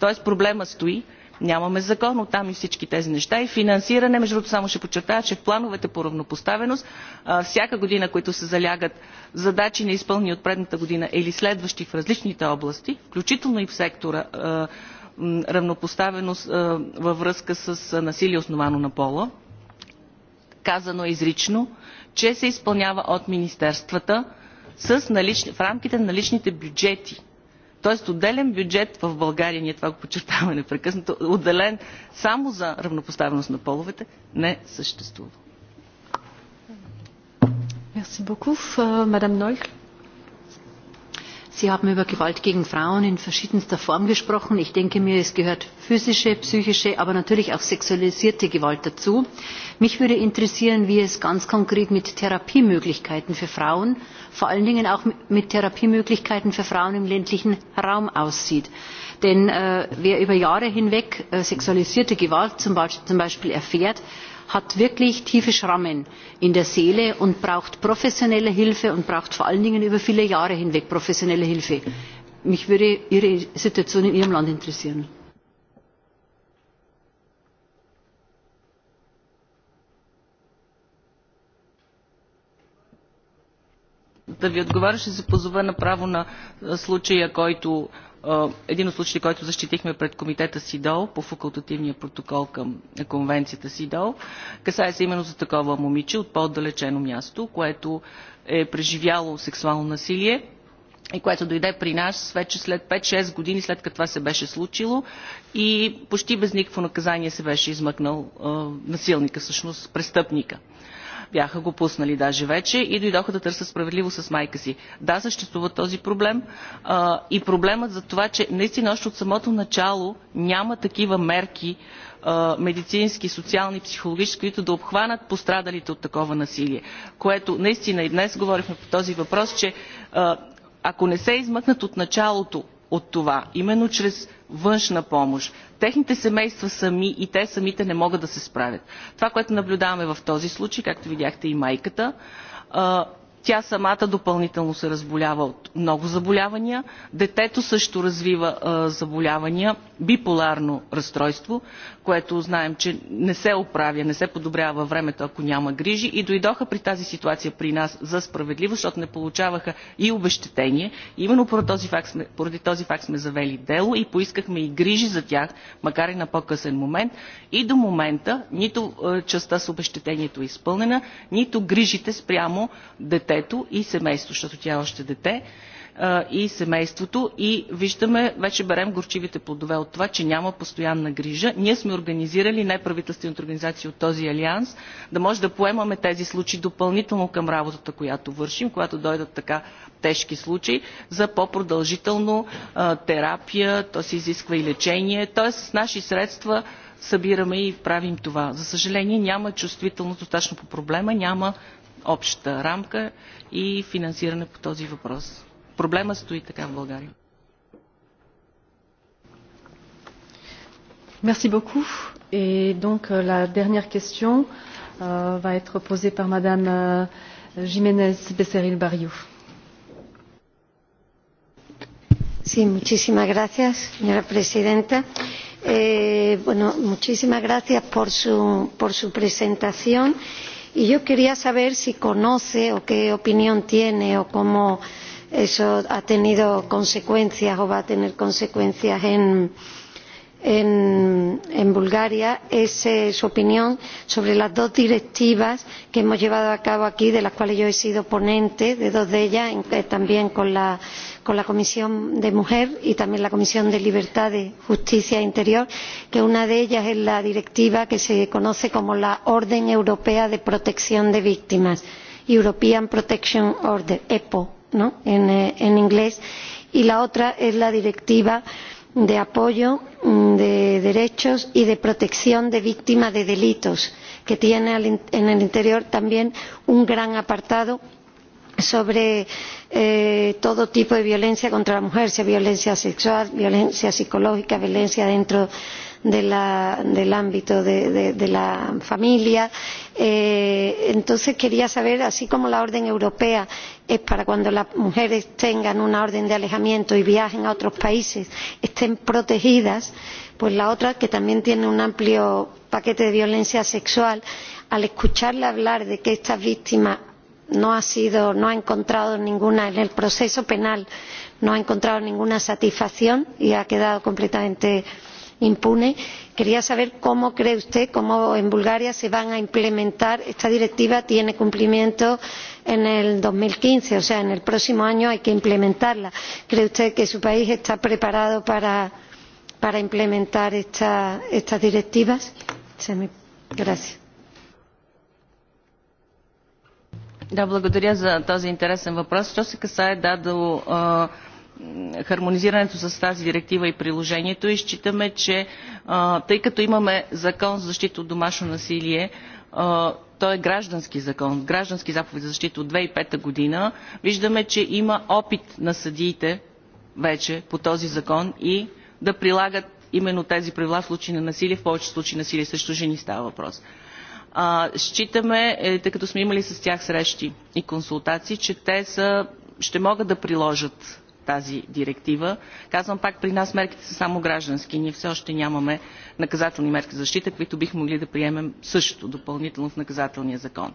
Тоест проблема стои, нямаме закон, от там и всички тези неща. И финансиране, между другото само ще подчертая, че в плановете по равнопоставеност всяка година, които се залягат задачи неизпълнени от предната година или следващи в различните области, включително и в сектора равнопоставеност във връзка с насилие основано на пола. Казано е изрично, че се изпълнява от министерствата с налични, в рамките на наличните бюджети. Тоест отделен бюджет в България, ние това го подчертаваме непрекъснато, отделен само за равнопоставеност на половете, не съществува. Мерси Боков. Мадам Нойхл sie haben über gewalt gegen frauen in verschiedenster form gesprochen. ich denke mir es gehört physische psychische aber natürlich auch sexualisierte gewalt dazu. mich würde interessieren wie es ganz konkret mit therapiemöglichkeiten für frauen vor allen dingen auch mit therapiemöglichkeiten für frauen im ländlichen raum aussieht. denn äh, wer über jahre hinweg äh, sexualisierte gewalt zum beispiel, zum beispiel erfährt hat wirklich tiefe Schrammen in der Seele und braucht professionelle Hilfe und braucht vor allen Dingen über viele Jahre hinweg professionelle Hilfe. Mich würde Ihre Situation in Ihrem Land interessieren. да ви отговаря ще се позова направо на случая който един от случаите, който защитихме пред комитета СИДОЛ по факултативния протокол към конвенцията СИДОЛ, касае се именно за такова момиче от по-отдалечено място, което е преживяло сексуално насилие и което дойде при нас вече след 5-6 години след като това се беше случило и почти без никакво наказание се беше измъкнал насилника, всъщност престъпника бяха го пуснали даже вече и дойдоха да търсят справедливост с майка си. Да, съществува този проблем а, и проблемът за това, че наистина още от самото начало няма такива мерки, а, медицински, социални, психологически, които да обхванат пострадалите от такова насилие. Което наистина и днес говорихме по този въпрос, че а, ако не се измъкнат от началото от това, именно чрез външна помощ. Техните семейства сами и те самите не могат да се справят. Това, което наблюдаваме в този случай, както видяхте и майката, тя самата допълнително се разболява от много заболявания, детето също развива а, заболявания, биполарно разстройство, което знаем, че не се оправя, не се подобрява във времето, ако няма грижи и дойдоха при тази ситуация при нас за справедливост, защото не получаваха и обещетение. Именно поради този факт сме, поради този факт сме завели дело и поискахме и грижи за тях, макар и на по-късен момент. И до момента нито частта с обещетението е изпълнена, нито грижите спрямо дете детето и семейство, защото тя е още дете, и семейството и виждаме, вече берем горчивите плодове от това, че няма постоянна грижа. Ние сме организирали неправителствените организации от този алианс, да може да поемаме тези случаи допълнително към работата, която вършим, когато дойдат така тежки случаи, за по-продължително терапия, то се изисква и лечение, Тоест с наши средства събираме и правим това. За съжаление няма чувствителност достатъчно по проблема, няма общата рамка и финансиране по този въпрос. Проблема стои така в България. Merci beaucoup. Et donc euh, la dernière question euh, va être posée par Madame euh, Jiménez Becerril Barrio. Sí, muchísimas gracias, señora presidenta. Eh, bueno, muchísimas gracias por su, por su presentación y yo quería saber si conoce o qué opinión tiene o cómo eso ha tenido consecuencias o va a tener consecuencias en, en, en Bulgaria es eh, su opinión sobre las dos directivas que hemos llevado a cabo aquí, de las cuales yo he sido ponente, de dos de ellas, en, eh, también con la con la Comisión de Mujer y también la Comisión de Libertades, civiles Justicia e Interior, que una de ellas es la directiva que se conoce como la Orden Europea de Protección de Víctimas, European Protection Order, EPO, ¿no? en, eh, en inglés, y la otra es la directiva de apoyo mm, de derechos y de protección de víctimas de delitos que tiene en el interior también un gran apartado sobre eh, todo tipo de violencia contra la mujer sea violencia sexual violencia psicológica violencia dentro de la, del ámbito de, de, de la familia. Eh, entonces quería saber así como la orden europea es para cuando las mujeres tengan una orden de alejamiento y viajen a otros países estén protegidas pues la otra que también tiene un amplio paquete de violencia sexual al escucharla hablar de que estas víctimas no ha sido no ha encontrado ninguna en el proceso penal no ha encontrado ninguna satisfacción y ha quedado completamente impune quería saber cómo cree usted cómo en bulgaria se va a implementar esta directiva tiene cumplimiento en dos mil quince o sea en el próximo año hay que implementarla. cree usted que su país está preparado para, implementar estas directivas? Gracias. благодаря за този интересен въпрос. Що се касае да, до а, хармонизирането с тази директива и приложението и считаме, че а, тъй като имаме закон за защита от домашно насилие, а, той е граждански закон, граждански заповед за защита от 2005 година, виждаме, че има опит на съдиите вече по този закон и да прилагат именно тези правила в случай на насилие, в повечето случаи насилие срещу жени става въпрос считаме тъй като сме имали с тях срещи и консултации че те ще могат да приложат тази директива. Казвам пак, при нас мерките са само граждански. Ние все още нямаме наказателни мерки за защита, които бихме могли да приемем също допълнително в наказателния закон.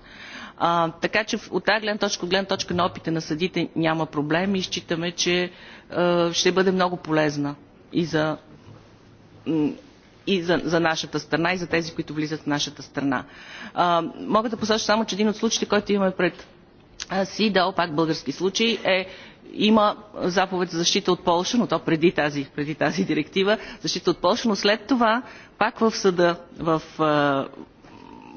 А, така че от тази гледна точка, от гледна точка на опита на съдите няма проблем и считаме, че а, ще бъде много полезна и за и за, за нашата страна и за тези, които влизат в нашата страна. А, мога да посоча само, че един от случаите, който имаме пред СИДАО, пак български случай, е има заповед за защита от Польша, но то преди тази, преди тази директива, защита от Польша, но след това пак в съда в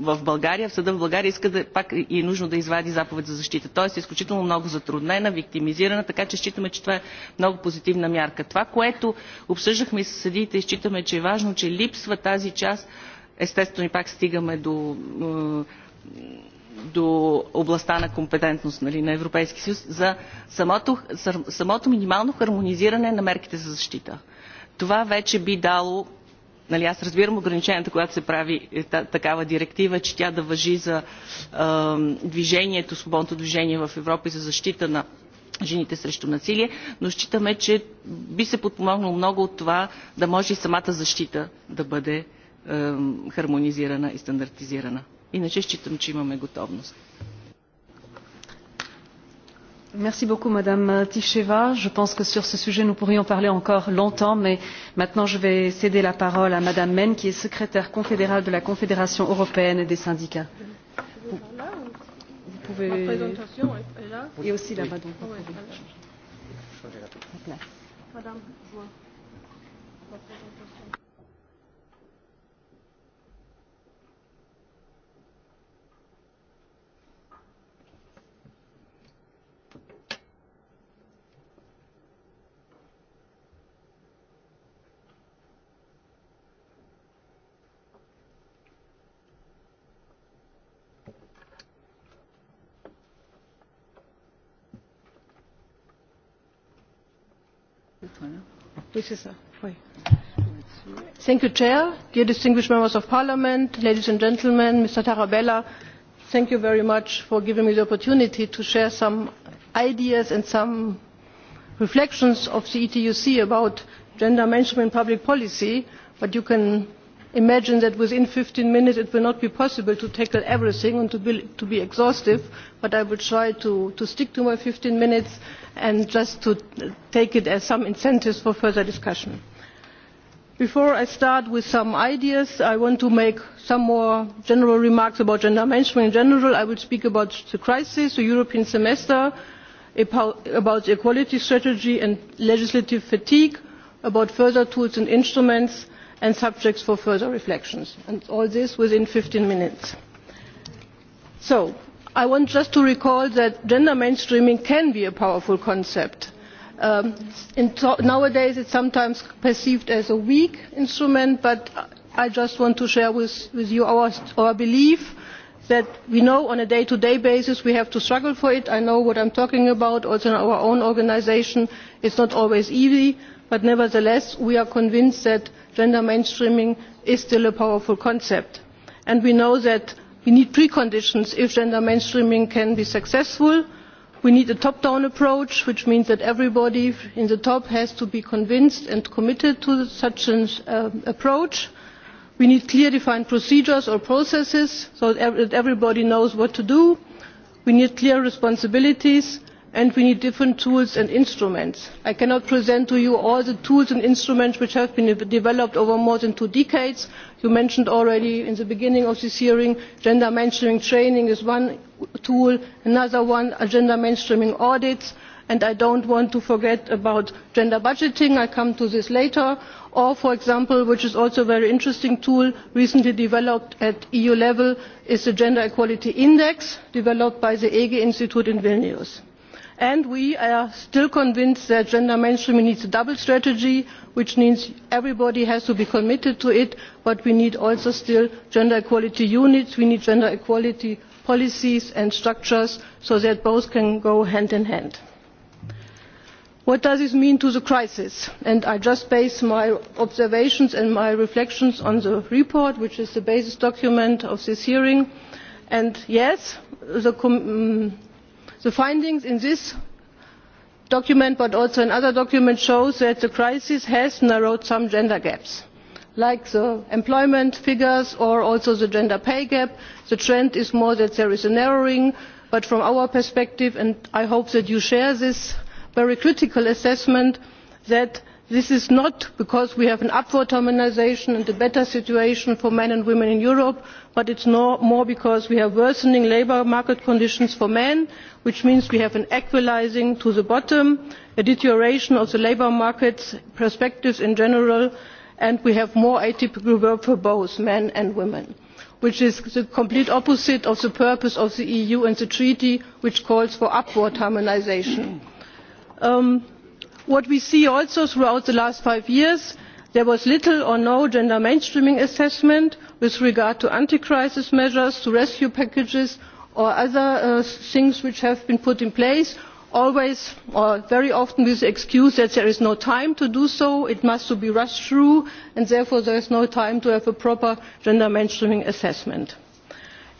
в България, в съда в България иска да, пак и е нужно да извади заповед за защита. Тоест е изключително много затруднена, виктимизирана, така че считаме, че това е много позитивна мярка. Това, което обсъждахме и с съдиите, и считаме, че е важно, че липсва тази част, естествено и пак стигаме до до областта на компетентност нали, на Европейски съюз за самото, самото минимално хармонизиране на мерките за защита. Това вече би дало Нали, аз разбирам ограниченията, когато се прави та, такава директива, че тя да въжи за е, движението, свободното движение в Европа и за защита на жените срещу насилие, но считаме, че би се подпомогнало много от това да може и самата защита да бъде е, хармонизирана и стандартизирана. Иначе считам, че имаме готовност. Merci beaucoup Madame Ticheva. Je pense que sur ce sujet nous pourrions parler encore longtemps, mais maintenant je vais céder la parole à Madame Men, qui est secrétaire confédérale de la Confédération européenne des syndicats. Vous, vous pouvez. Et aussi là-bas donc. Madame. Thank you, Chair. Dear distinguished members of Parliament, ladies and gentlemen, Mr. Tarabella, thank you very much for giving me the opportunity to share some ideas and some reflections of the etuc about gender mainstreaming in public policy but you can imagine that within fifteen minutes it will not be possible to tackle everything and to be, exhaustive but i will try to, to stick to my fifteen minutes and just to take it as some incentive for further discussion. before i start with some ideas i want to make some more general remarks about gender mainstreaming in general. i will speak about the crisis the european semester about the equality strategy and legislative fatigue about further tools and instruments and subjects for further reflection and all this within fifteen minutes. So, i want just to recall that gender mainstreaming can be a powerful concept. Um, nowadays it is sometimes perceived as a weak instrument but i just want to share with, you our, our belief that we know on a day to day basis we have to struggle for it. i know what i am talking about also in our own organisation it is not always easy but nevertheless we are convinced that gender mainstreaming is still a powerful concept and we know that we need preconditions if gender mainstreaming can be successful. we need a top down approach which means that everybody at the top has to be convinced and committed to such an uh, approach. we need clearly defined procedures or processes so that everybody knows what to do. we need clear responsibilities and we need different tools and instruments. i cannot present to you all the tools and instruments which have been developed over more than two decades. you mentioned already at the beginning of this hearing gender mainstreaming training is one tool another one are gender mainstreaming audits and i do not want to forget about gender budgeting i will come to this later or for example which is also a very interesting tool recently developed at eu level the gender equality index developed by the ege institute in vilnius and we are still convinced that gender mainstreaming needs a double strategy which means everybody has to be committed to it but we need also still gender equality units we need gender equality policies and structures so that both can go hand in hand. what does this mean to the crisis? i just base my observations and my reflections on the report which is the basis document of this hearing and yes the the findings in this document but also in other documents show that the crisis has narrowed some gender gaps like the employment figures or also the gender pay gap the trend is more that there is a narrowing but from our perspective and i hope that you share this very critical assessment that this is not because we have an upward harmonisation and a better situation for men and women in europe but it is no more because we have worsening labour market conditions for men which means we have an equalising to the bottom a deterioration of the labour market perspectives in general and we have more atypical work for both men and women which is the complete opposite of the purpose of the eu and the treaty which calls for upward harmonisation. Um, what we see also throughout the last five years is that there was little or no gender mainstreaming assessment with regard to anti crisis measures to rescue packages or other uh, things which have been put in place always or very often with the excuse that there is no time to do so it must be rushed through and therefore there is no time to have a proper gender mainstreaming assessment.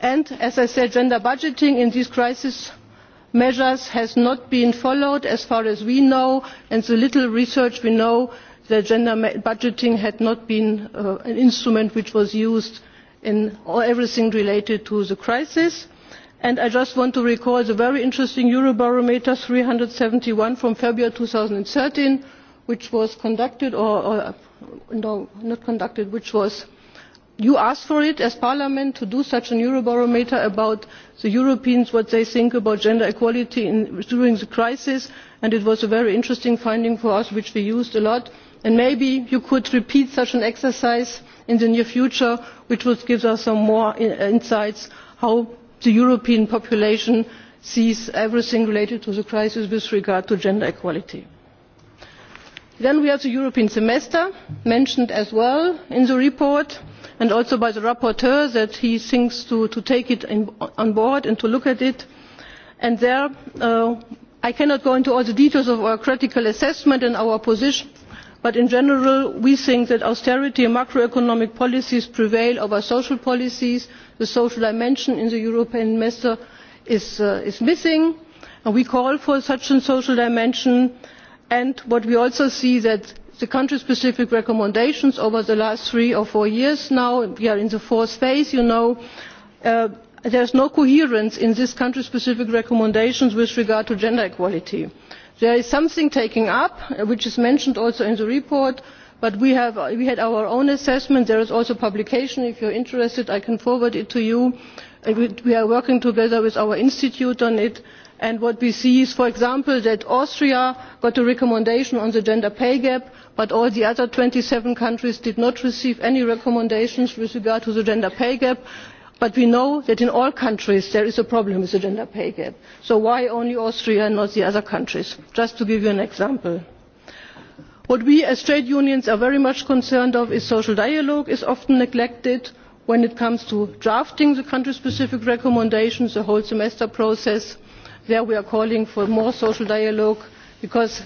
And, as i said gender budgeting in these crisis measures has not been followed as far as we know and the little research we know the gender budgeting had not been uh, an instrument which was used in everything related to the crisis and i just want to recall the very interesting eurobarometer three hundred and seventy one from february two thousand and thirteen which was conducted or, no not conducted which was you asked for it as parliament to do such a eurobarometer about the europeans what they think about gender equality during the crisis and it was a very interesting finding for us which we used a lot and maybe you could repeat such an exercise in the near future which would give us some more uh, insight into how the european population sees everything related to the crisis with regard to gender equality. then we have the european semester mentioned as well in the report and also by the rapporteur that he thinks to take it on board and to look at it there uh, i cannot go into all the details of our critical assessment and our position but in general we think that austerity and macroeconomic policies prevail over social policies the social dimension in the european semester is, uh, missing and we call for such a social dimension what we also see is that the country specific recommendations over the last three or four years now we are in the fourth phase you know uh, there is no coherence in these country specific recommendations with regard to gender equality there is something taken up uh, which is mentioned also in the report but we uh, had our own assessment there is also a publication if you are interested i can forward it to you uh, we are working together with our institute on it and what we see is for example that austria got a recommendation on the gender pay gap but all the other twenty seven countries did not receive any recommendations with regard to the gender pay gap but we know that in all countries there is a problem with the gender pay gap so why only austria and not the other countries? just to give you an example. what we as trade unions are very much concerned about is social dialogue which is often neglected when it comes to drafting the country specific recommendations the whole semester process. there we are calling for more social dialogue because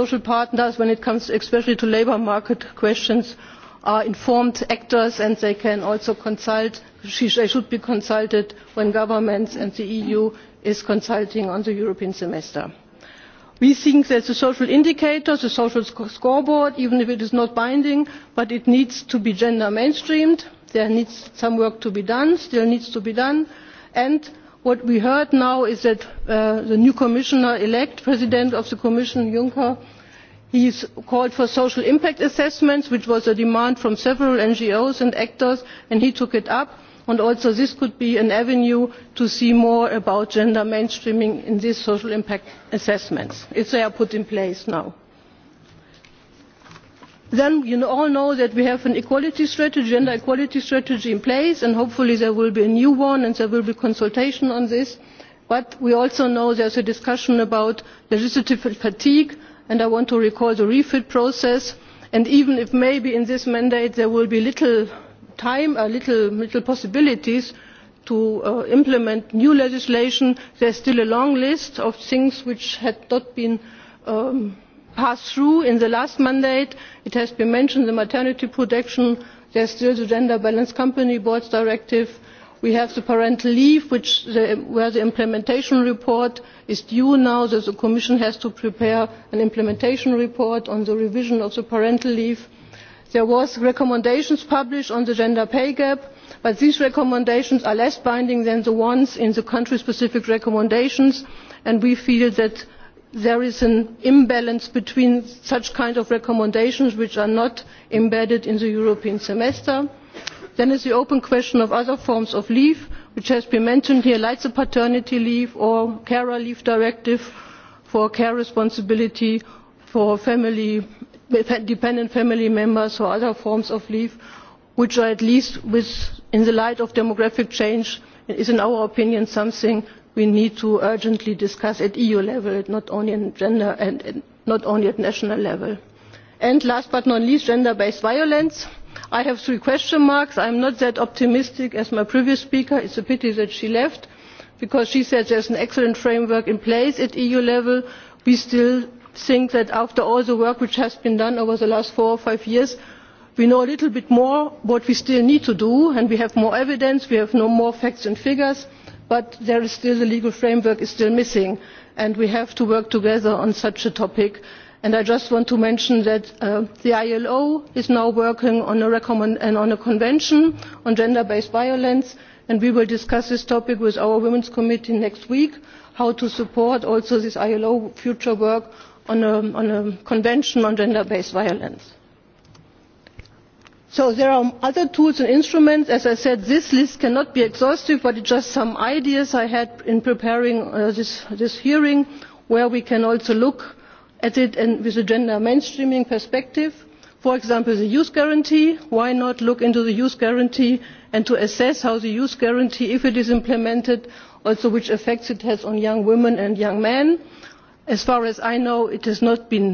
social partners when it comes especially to labour market questions are informed actors and they can also consult they should be consulted when governments and the eu are consulting on the european semester. we think that the social indicator the social scoreboard even if it is not binding needs to be gender mainstreamed. there needs some work to be done still needs to be done and what we heard now is that uh, the new commissioner elect president of the commission juncker has called for social impact assessments which was a demand from several ngos and actors and he took it up and also this could be an avenue to see more about gender mainstreaming in these social impact assessments if they are put in place now. then you all know that we have an equality strategy gender equality strategy in place and hopefully there will be a new one and there will be consultation on this but we also know there is a discussion about legislative fatigue and i want to recall the refit process and even if maybe in this mandate there will be little time and little, little possibilities to uh, implement new legislation there is still a long list of things which had not been um, passed through in the last mandate it has been mentioned the maternity protection there is still the gender balanced company boards directive we have the parental leave where the implementation report is due now so the commission has to prepare an implementation report on the revision of the parental leave there were recommendations published on the gender pay gap but these recommendations are less binding than the ones in the country specific recommendations and we feel that there is an imbalance between such kinds of recommendations which are not embedded in the european semester. then there is the open question of other forms of leave which has been mentioned here like the paternity leave or carer leave directive for care responsibility for family dependent family members or other forms of leave which are at least in the light of demographic change is in our opinion something we need to urgently discuss at eu level not only at and not only at national level. And last but not least gender based violence i have three question marks. i am not that optimistic as my previous speaker it is a pity that she left because she said there is an excellent framework in place at eu level. we still think that after all the work which has been done over the last four or five years we know a little bit more about what we still need to do and we have more evidence we have no more facts and figures but the legal framework is still missing and we have to work together on such a topic. i just want to mention that uh, the ilo is now working on a convention on gender based violence and we will discuss this topic with our women's committee next week how to support also this ilo future work on a, on a convention on gender based violence. so there are other tools and instruments. as i said this list cannot be exhaustive but it is just some ideas i had in preparing uh, this, this hearing where we can also look at it and with a gender mainstreaming perspective for example the youth guarantee why not look into the youth guarantee and to assess how the youth guarantee if it is implemented also which effects it has on young women and young men as far as i know it has not been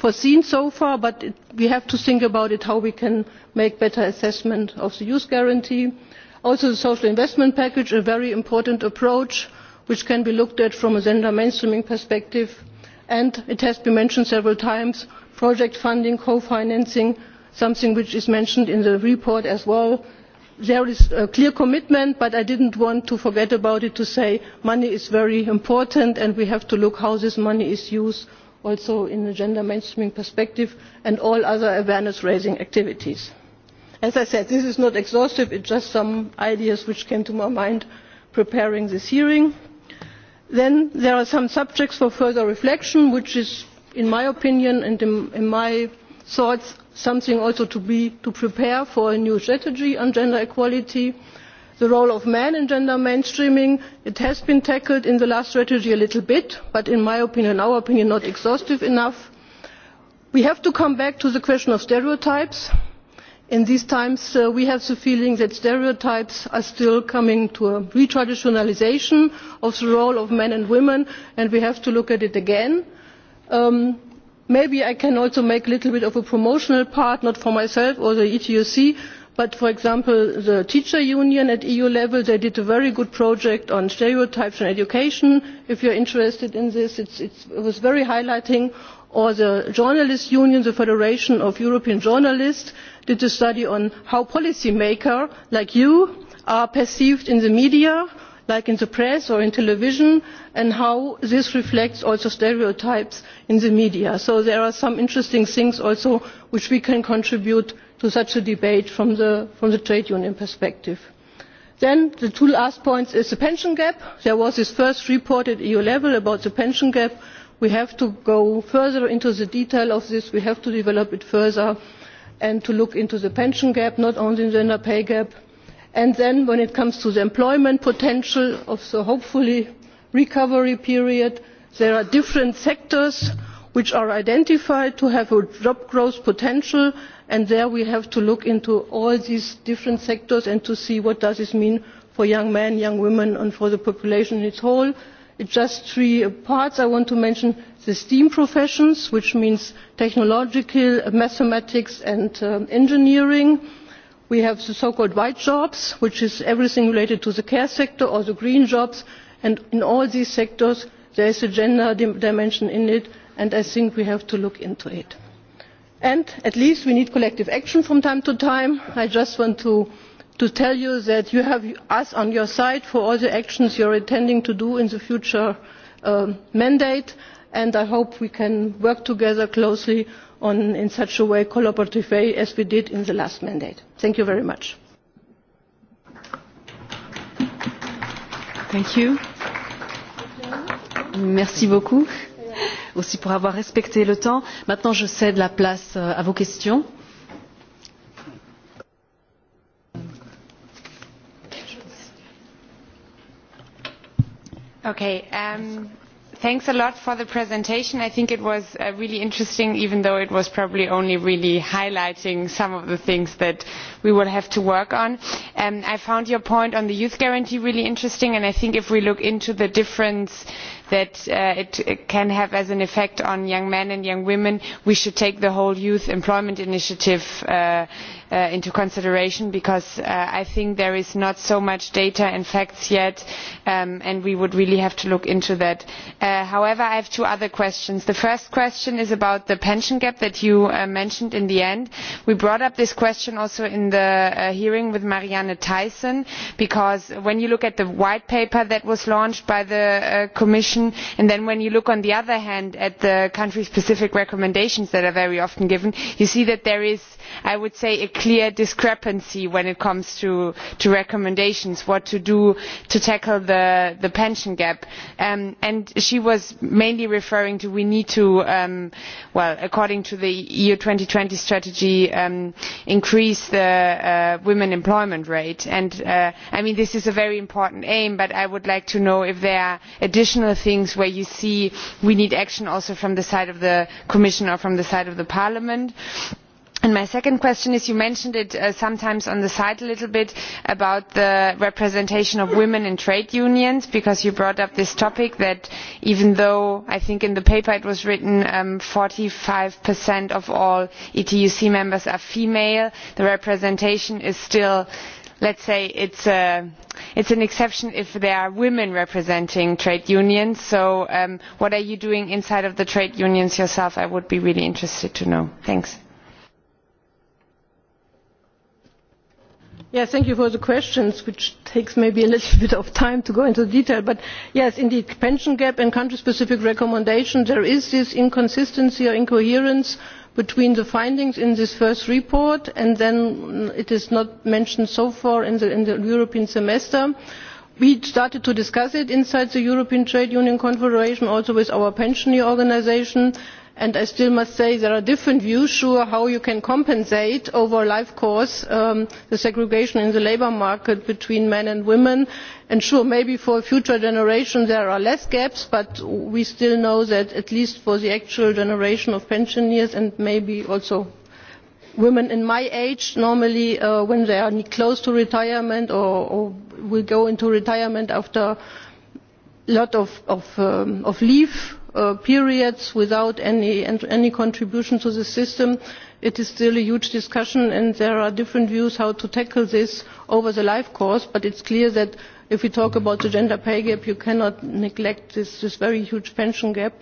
foreseen so far but we have to think about it, how we can make better assessment of the youth guarantee. also the social investment package a very important approach which can be looked at from a gender mainstreaming perspective and it has been mentioned several times project funding co financing something which is mentioned in the report as well there is a clear commitment but i did not want to forget about it to say that money is very important and we have to look at how this money is used also in a gender mainstreaming perspective and all other awareness raising activities. as i said this is not exhaustive it is just some ideas which came to my mind while preparing this hearing. then there are some subjects for further reflection which is in my opinion and in my thoughts something also to, be, to prepare for a new strategy on gender equality the role of men in gender mainstreaming it has been tackled in the last strategy a little bit but in my opinion and our opinion not exhaustive enough. we have to come back to the question of stereotypes. in these times uh, we have the feeling that stereotypes are still coming to a retraditionalisation of the role of men and women and we have to look at it again. Um, maybe i can also make a little bit of a promotional part not for myself or the etuc but for example the teacher union at eu level they did a very good project on stereotypes in education if you are interested in this it was very highlighting or the journalists union the federation of european journalists did a study on how policy makers like you are perceived in the media and like in the press or on television and how this reflects also stereotypes in the media. so there are some interesting things also which we can contribute to such a debate from the, from the trade union perspective. then the two last points are the pension gap. there was this first report at eu level about the pension gap. we have to go further into the detail of this. we have to develop it further and to look into the pension gap not only the gender pay gap and then when it comes to the employment potential of the hopefully recovery period there are different sectors which are identified to have a job growth potential and there we have to look into all these different sectors and to see what does this mean for young men young women and for the population as a whole. just three parts i want to mention the steam professions which means technological mathematics and um, engineering; we have the so called white jobs which is everything related to the care sector or the green jobs and in all these sectors there is a gender dimension in it and i think we have to look into it. and at least we need collective action from time to time. i just want to, tell you that you have us on your side for all the actions you are intending to do in the future um, mandate and i hope we can work together closely in such a way, collaborative way as we did in the last mandate. Thank you very much. Thank you. Merci beaucoup aussi pour avoir respecté le temps. Maintenant, je cède la place euh, à vos questions. Okay, um, thanks a lot for the presentation. I think it was uh, really interesting, even though it was probably only really highlighting some of the things that we will have to work on. Um, I found your point on the youth guarantee really interesting, and I think if we look into the difference that uh, it, it can have as an effect on young men and young women, we should take the whole youth employment initiative uh, Uh, into consideration because uh, i think there is not so much data and facts yet um, and we would really have to look into that. Uh, however i have two other questions. the first question is about the pension gap that you mentioned at the end. we brought up this question also in the hearing with marianne thyssen because when you look at the white paper that was launched by the commission and then when you look on the other hand at the country specific recommendations that are very often given you see that there is i would say a clear discrepancy when it comes to, recommendations on what to do to tackle the, pension gap um, and she was mainly referring to the need to um, well according to the eu two thousand and twenty strategy um, increase the uh, women's employment rate and uh, i mean this is a very important aim but i would like to know if there are additional things where you see we need action also from the side of the commission or from the side of the parliament and And my second question is you mentioned it uh, sometimes on the side a little bit about the representation of women in trade unions because you brought up this topic that even though i think in the paper it was written forty five um, of all etuc members are female the representation is still let us say it uh, is an exception if there are women representing trade unions so um, what are you doing inside of the trade unions yourself i would be really interested to know. thanks. thank you for the questions which takes maybe a little bit of time to go into detail but yes indeed pension gap and country specific recommendations there is this inconsistency or incoherence between the findings in this first report and then it is not mentioned so far in the, european semester. we started to discuss it inside the european trade union confederation also with our pensioner organisations and i still must say there are different views sure how you can compensate over a life course um, the segregation in the labour market between men and women and sure maybe for a future generation there are less gaps but we still know that at least for the actual generation of pensioners and maybe also women in my age normally uh, when they are close to retirement or, will go into retirement after a lot of um, leave Uh, periods without any, any contribution to the system it is still a huge discussion and there are different views on how to tackle this over the life course but it is clear that if we talk about the gender pay gap you cannot neglect this, this very huge pension gap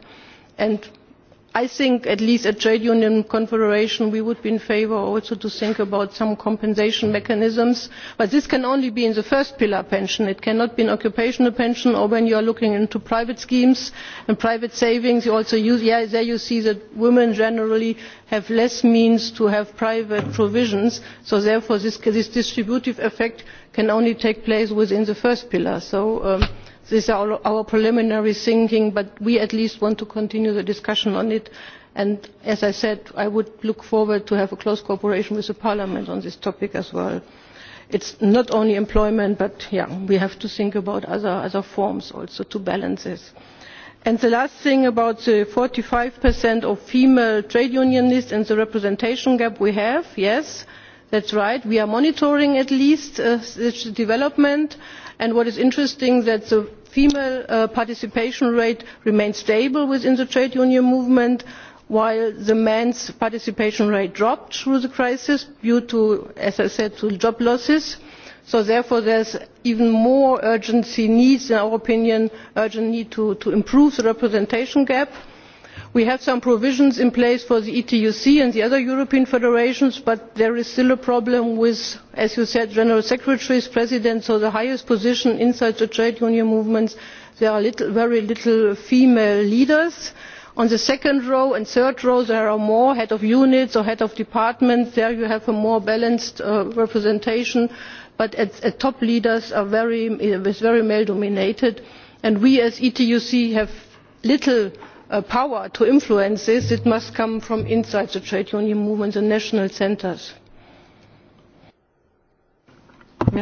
and i think at least at trade union confederation we would be in favour also to think about some compensation mechanisms but this can only be in the first pillar pension it cannot be an occupational pension or when you are looking into private schemes and private savings there you see that women generally have less means to have private provisions so therefore this distributive effect can only take place within the first pillar. so um, this is our preliminary thinking but we at least want to continue the discussion on it and as i said i would look forward to having close cooperation with parliament on this topic as well. it is not only employment but we have to think about other forms also to balance this. the last thing about the forty five of female trade unionists and the representation gap we have yes that is right we are monitoring at least uh, this development and what is interesting is that the female uh, participation rate remained stable within the trade union movement while the men's participation rate dropped through the crisis due to as i said job losses so therefore there is even more urgent need in our opinion to improve the representation gap we have some provisions in place for the etuc and the other european federations but there is still a problem with as you said general secretaries presidents or the highest position inside the trade union movements there are very few female leaders. on the second row and third row there are more heads of units or heads of departments there you have a more balanced uh, representation but the top leaders are very male dominated and we as the etuc have little Uh, power to influence this it must come from inside the trade union movement the national centres. Euh,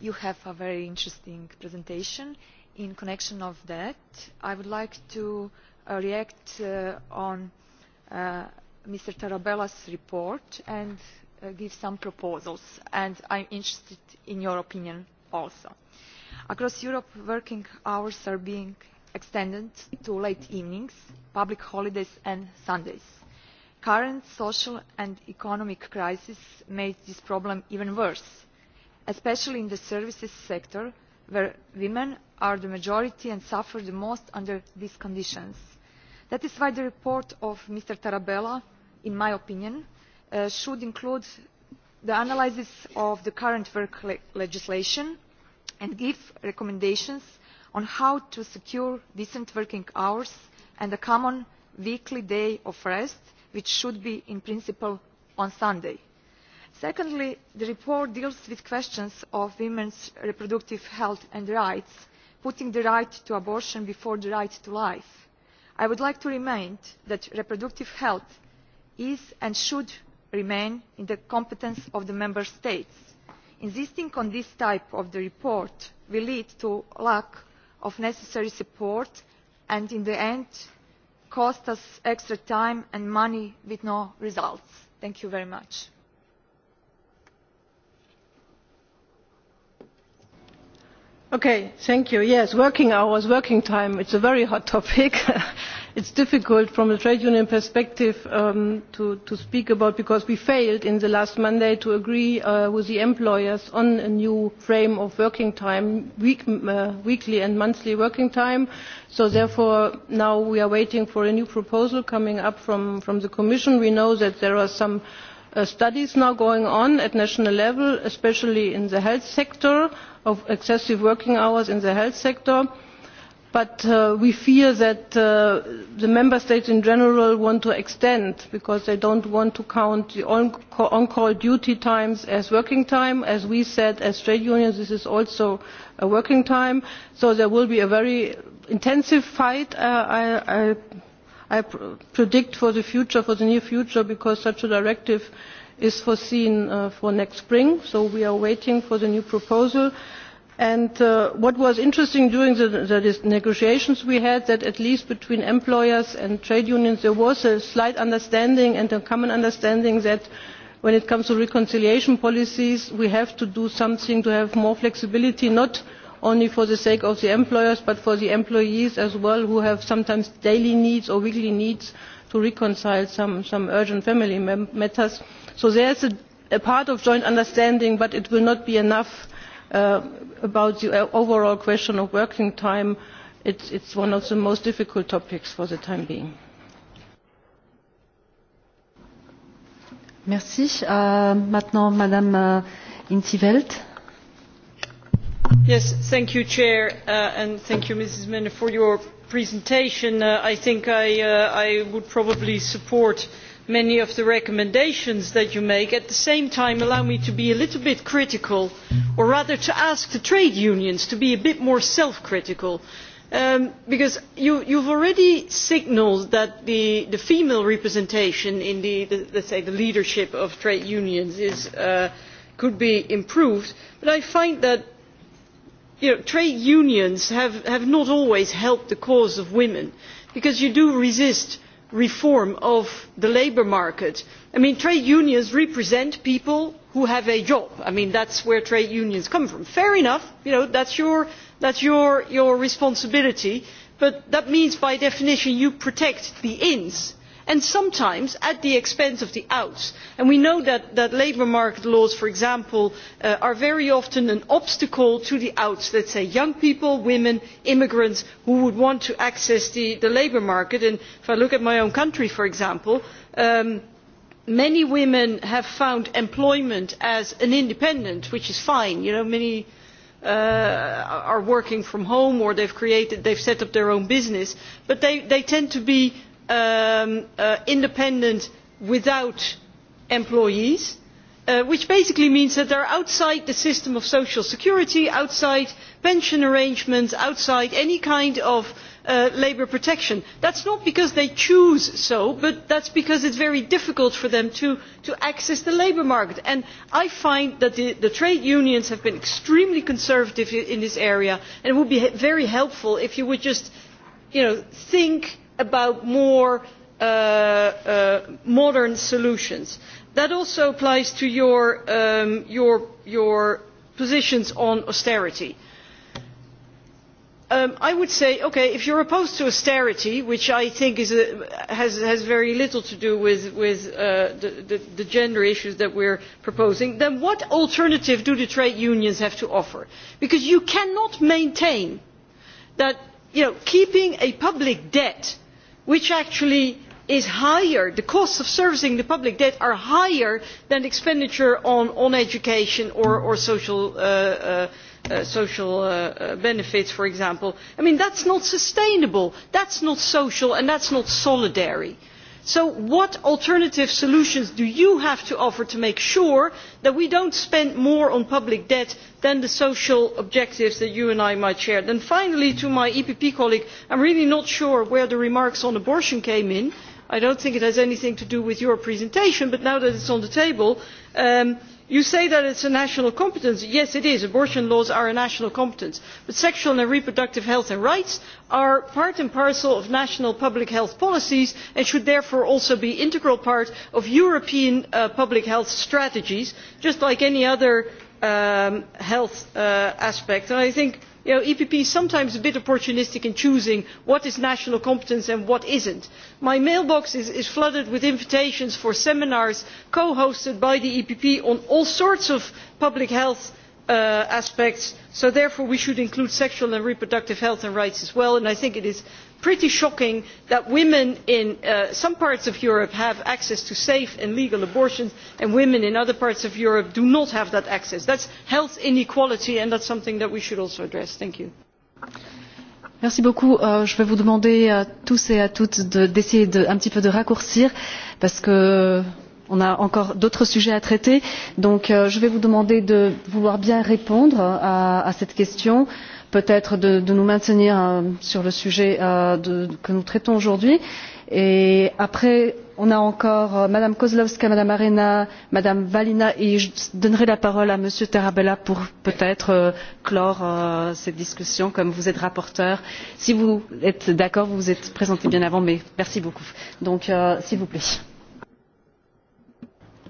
you have a very interesting presentation. In connection with that, I would like to uh, react uh, on uh, Mr. Tarabella's report and Uh, give some proposals and i am interested in your opinion also. across europe working hours are being extended to late evenings public holidays and sundays. the current social and economic crisis made this problem even worse especially in the services sector where women are the majority and suffer the most under these conditions. that is why the report of mr tarabella in my opinion Uh, should include the analysis of the current work legislation and give recommendations on how to secure decent working hours and a common weekly day of rest which should be in principle on sunday. secondly the report deals with questions of women's reproductive health and rights putting the right to abortion before the right to life. i would like to remind you that reproductive health is and should remain in the competence of the member states. insisting on this type of report will lead to a lack of necessary support and in the end cost us extra time and money with no results. thank you very much. Okay, yes working hours working time is a very hot topic it is difficult from a trade union perspective um, to, speak about because we failed in the last mandate to agree uh, with the employers on a new frame of working time uh, weekly and monthly working time so therefore now we are waiting for a new proposal coming up from, the commission. we know that there are some uh, studies now going on at national level especially in the health sector of excessive working hours in the health sector but uh, we fear that uh, the member states in general want to extend because they do not want to count on, call duty time as working time. as we said as trade unions this is also working time so there will be a very intensive fight uh, I, i predict for the future for the near future because such a directive is foreseen for next spring so we are waiting for the new proposal. And uh, what was interesting during the, negotiations we had that at least between employers and trade unions there was a slight understanding and a common understanding that when it comes to reconciliation policies we have to do something to have more flexibility not only for the sake of the employers but for the employees as well who have sometimes daily needs or weekly needs to reconcile some, urgent family matters. so there is a part of joint understanding but it will not be enough Uh, about the uh, overall question of working time it is one of the most difficult topics for the time being. Merci. Uh, maintenant, Madame uh, Intiveld. Yes, thank you, Chair, uh, and thank you, Mrs. Minner, for your presentation. Uh, I think I, uh, I would probably support uh, many of the recommendations that you make. at the same time allow me to be a little bit critical or rather to ask the trade unions to be a bit more self critical um, because you have already signalled that the, female representation in the, say the leadership of trade unions uh, could be improved but i find that trade unions have, have not always helped the cause of women because you do resist reform of the labour market. I mean, trade unions represent people who have a job. I mean, that is where trade unions come from. fair enough you know, that is your, your responsibility but that means by definition you protect the ins and sometimes at the expense of the outs and we know that labour market laws for example uh, are very often an obstacle to the outs let us say young people women immigrants who would want to access the labour market and if i look at my own country for example um, many women have found employment as an independent which is fine many uh, are working from home or they have set up their own business but they tend to be Um, uh, independent without employees uh, which basically means that they are outside the system of social security outside pension arrangements outside any kind of uh, labour protection. that is not because they choose so but that is because it is very difficult for them to, access the labour market. And i find that the, the trade unions have been extremely conservative in this area and it would be very helpful if you would just you know, think about more uh, uh, modern solutions. that also applies to your, um, positions on austerity. Um, i would say okay if you are opposed to austerity which i think has, very little to do with, uh, the, gender issues that we are proposing then what alternative do the trade unions have to offer? because you cannot maintain that keeping a public debt which actually is higher the costs of servicing the public debt are higher than the expenditure on, education or, social, uh, uh, uh, benefits for example. i mean that is not sustainable that is not social and that is not solidarity so what alternative solutions do you have to offer to make sure that we do not spend more on public debt than the social objectives that you and i might share? finally to my epp colleague i am really not sure where the remarks on abortion came in. i do not think it has anything to do with your presentation but now that it is on the table um, you say that it is a national competence yes it is abortion laws are a national competence but sexual and reproductive health and rights are part and parcel of national public health policies and should therefore also be an integral part of european uh, public health strategies just like any other um, health uh, aspect. i think the EPP is sometimes a bit opportunistic in choosing what is national competence and what is not. My mailbox is, flooded with invitations for seminars co-hosted by the EPP on all sorts of public health uh, aspects, so therefore we should include sexual and reproductive health and rights as well, and I think it is pretty shocking that women in uh, some parts of europe have access to safe and legal abortions and women in other parts of europe do not have that access. that is health inequality and that is something that we should also address. Euh, je vais vous demander à tous et à toutes d'essayer un petit peu de raccourcir parce on a encore d'autres sujets à traiter donc euh, je vais vous demander de vouloir bien répondre à cette question peut être de, de nous maintenir euh, sur le sujet euh, de, que nous traitons aujourd'hui et après on a encore euh, mme kozowska mme arena Madame valina et je donnerai la parole à Monsieur tarabella pour peut être euh, clore euh, cette discussion comme vous êtes rapporteur. si vous êtes d'accord vous vous êtes présenté bien avant mais merci beaucoup donc euh, s'il vous plaît.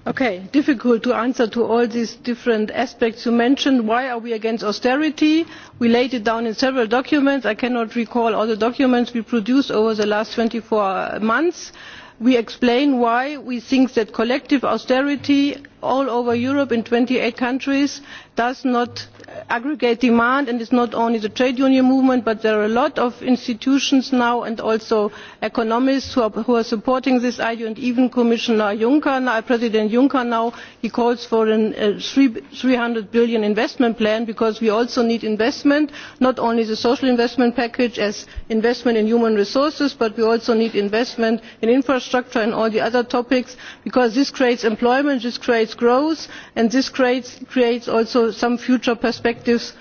Okay, difficult to answer to all these different aspects you mentioned. why are we against austerity? we laid it down in several documents. i cannot recall all the documents we produced over the last twenty four months. we explain why we think that collective austerity all over europe in twenty eight countries does not aggregate demand and it is not only the trade union movement but there are a lot of institutions now and also economists who are supporting this idea and even commissioner president juncker now calls for a eur three hundred billion investment plan because we also need investment not only the social investment package as investment in human resources but we also need investment in infrastructure and all the other topics because this creates employment this creates growth and this creates, creates also some future perspectives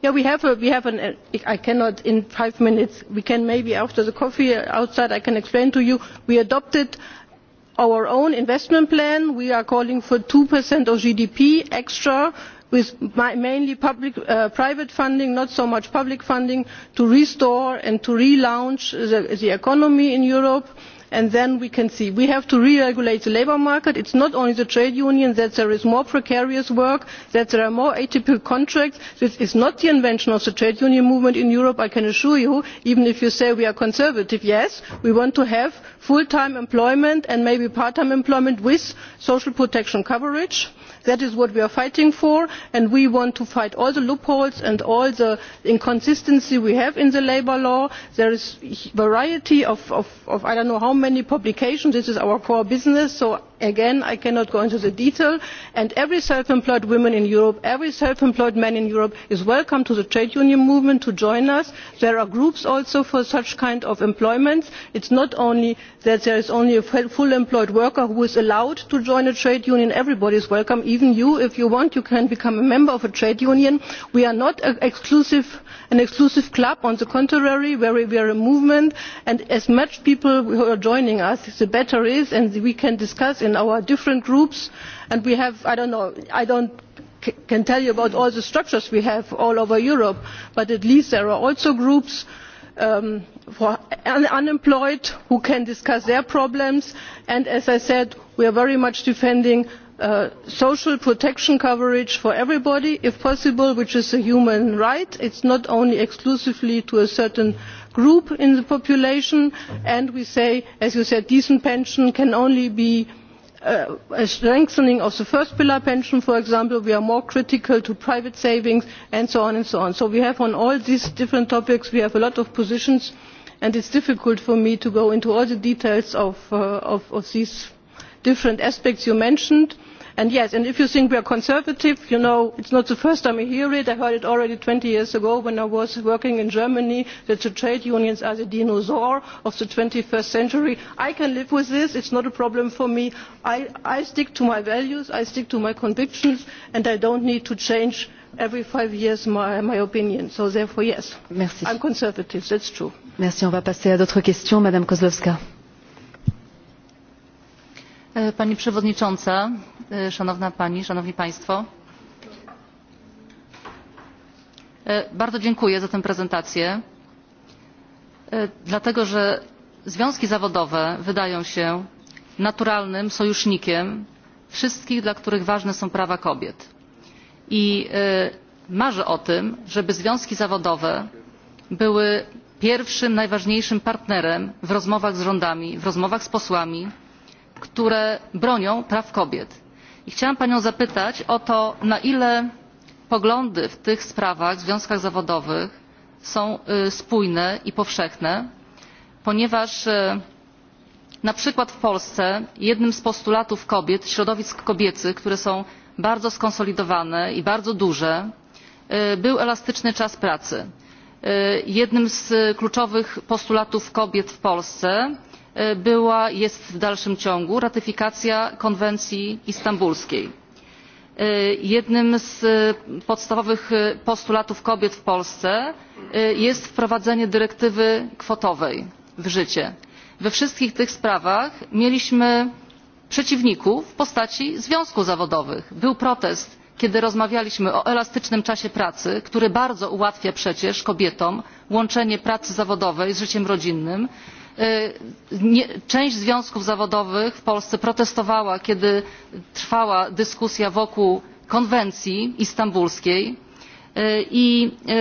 yeah, we have, a, we have an i cannot in five minutes we can maybe after the coffee uh, outside i can explain to you we adopted our own investment plan we are calling for two of gdp extra with mainly public, uh, private funding not so much public funding to restore and to relaunch the, economy in europe and then we can see. we have to re regulate the labour market. it is not only the trade unions that there is more precarious work that there are more atypical contracts. this is not the invention of the trade union movement in europe i can assure you even if you say we are conservative. yes we want to have full time employment and maybe part time employment with social protection coverage that is what we are fighting for and we want to fight all the loopholes and all the inconsistencies we have in the labour law. there is a variety of i do not know how many publications this is our core business so again i cannot go into the detail and every self employed woman in europe every self employed man in europe is welcome to the trade union movement to join us. there are groups also for such kind of employment it is not only that there is only a fully employed worker who is allowed to join a trade union everybody is welcome even you if you want you can become a member of a trade union. we are not an exclusive club on the contrary we are a movement and as much people who are joining us the better it is and we can discuss in our different groups and we have i do not know i cannot can tell you about all the structures we have all over europe but at least there are also groups um, for the unemployed who can discuss their problems and as i said we are very much defending uh, social protection coverage for everybody if possible which is a human right it is not only exclusively to a certain group in the population and we say as you said decent pensions can only be Uh, a strengthening of the first pillar pension for example we are more critical of private savings and so on and so on. so we have on all these different topics we have a lot of positions and it is difficult for me to go into all the details of uh, these different aspects you mentioned and yes if you think we are conservative you know it is not the first time i hear it i heard it already twenty years ago when i was working in germany that the trade unions are the dinosaurs of the twenty first century. i can live with this it is not a problem for me. i stick to my values i stick to my convictions and i do not need to change every five years my opinion so therefore yes i am conservative that is true. E, pani przewodnicząca e, szanowna pani szanowni państwo! E, bardzo dziękuję za tę prezentację dlatego że związki zawodowe wydają się naturalnym sojusznikiem wszystkich dla których ważne są prawa kobiet i marzę o tym żeby związki zawodowe były pierwszym najważniejszym partnerem w rozmowach z rządami w rozmowach z posłami które bronią praw kobiet. I chciałam panią zapytać o to na ile poglądy w tych sprawach w związkach zawodowych są spójne i powszechne ponieważ na przykład w polsce jednym z postulatów kobiet środowisk kobiecych które są bardzo skonsolidowane i bardzo duże był elastyczny czas pracy. jednym z kluczowych postulatów kobiet w polsce E, była jest w dalszym ciągu ratyfikacja konwencji istambulskiej. E, jednym z e, podstawowych postulatów kobiet w polsce jest wprowadzenie dyrektywy kwotowej w życie. we wszystkich tych sprawach mieliśmy przeciwników w postaci związków zawodowych. był protest kiedy rozmawialiśmy o elastycznym czasie pracy który bardzo ułatwia przecież kobietom łączenie pracy zawodowej z życiem rodzinnym część związków zawodowych w polsce protestowała kiedy trwała dyskusja wokół konwencji istambulskiej e, i e,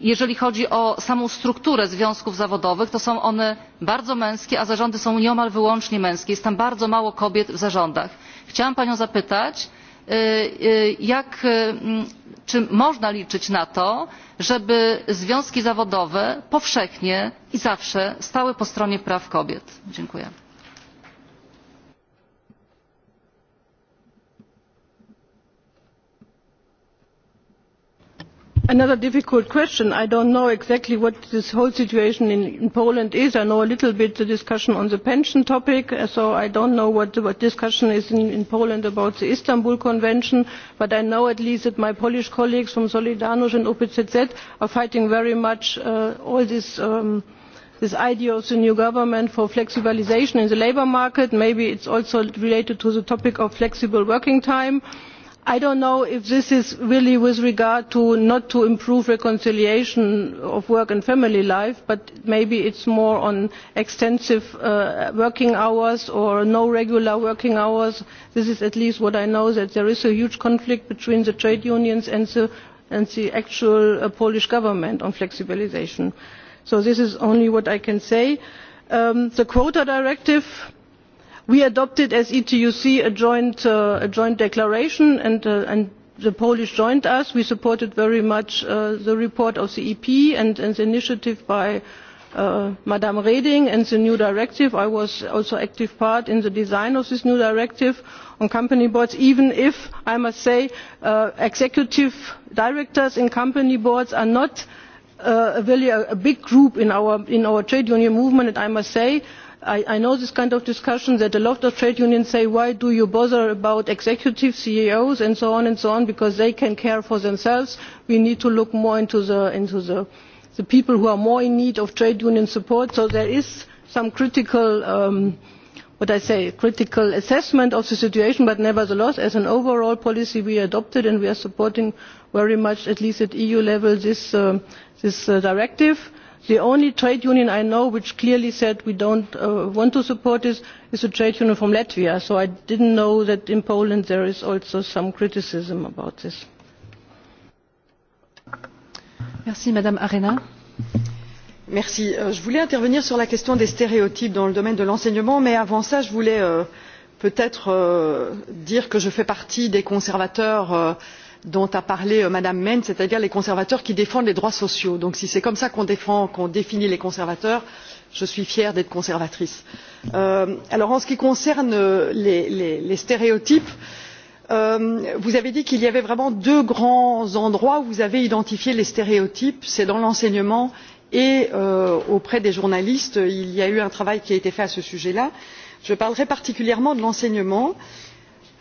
jeżeli chodzi o samą strukturę związków zawodowych to są one bardzo męskie a zarządy są nieomal wyłącznie męskie jest tam bardzo mało kobiet w zarządach. chciałam panią zapytać czy E, e, e, czy można liczyć na to żeby związki zawodowe powszechnie i zawsze stały po stronie praw kobiet? dziękuję. another difficult question i do not know exactly what this whole situation in poland is i know a little bit the discussion on the pension topic uh, so i do not know what the discussion is in poland about the istanbul convention but i know at least that my polish colleagues from solidarno and opzz are fighting very much uh, all this um, this idea of the new government for flexibilisation in the labour market maybe it is also related to the topic of flexible working time i do not know if this is really with regard to not to improve reconciliation of work and family life but maybe it is more on extensive uh, working hours or no regular working hours. this is at least what i know that there is a huge conflict between the trade unions and the actual uh, polish government on flexibilisation. so this is only what i can say. Um, the quota directive we adopted as the etuc uh, a joint, declaration uh, and, the polish joined us. we supported very much uh, the report of the ep and, the initiative by ms reding and the new directive. i was also an active part in the design of this new directive on company boards even if i must say executive directors in company boards are not really a, big group in our, in our trade union movement and i must say I, know this kind of discussion that a lot of trade unions say why do you bother about executive ceos and so on and so on because they can care for themselves we need to look more into the, people who are more in need of trade union support so there is some um, critical assessment of the situation but nevertheless as an overall policy we adopted and we are supporting very much at least at eu level this, uh, uh, directive the only trade union i know which clearly said we do not uh, want to support this is the trade union from latvia so i did not know that in poland there is also some criticism about this. Euh, je voulais intervenir sur la question des stéréotypes dans le domaine de l'enseignement mais avant cela je voulais euh, peut être euh, dire que je fais partie des conservateurs qui dont a parlé euh, mme maine c'est à dire les conservateurs qui défendent les droits sociaux. donc si c'est comme cela qu'on définit les conservateurs je suis fière d'être conservatrice. Euh, en ce qui concerne euh, les stéréotypes vous avez dit qu'il y avait vraiment deux grands endroits où vous avez identifié les stéréotypes c'est dans l'enseignement et auprès des journalistes. il y a eu un travail qui a été fait à ce sujet là. je parlerai particulièrement de l'enseignement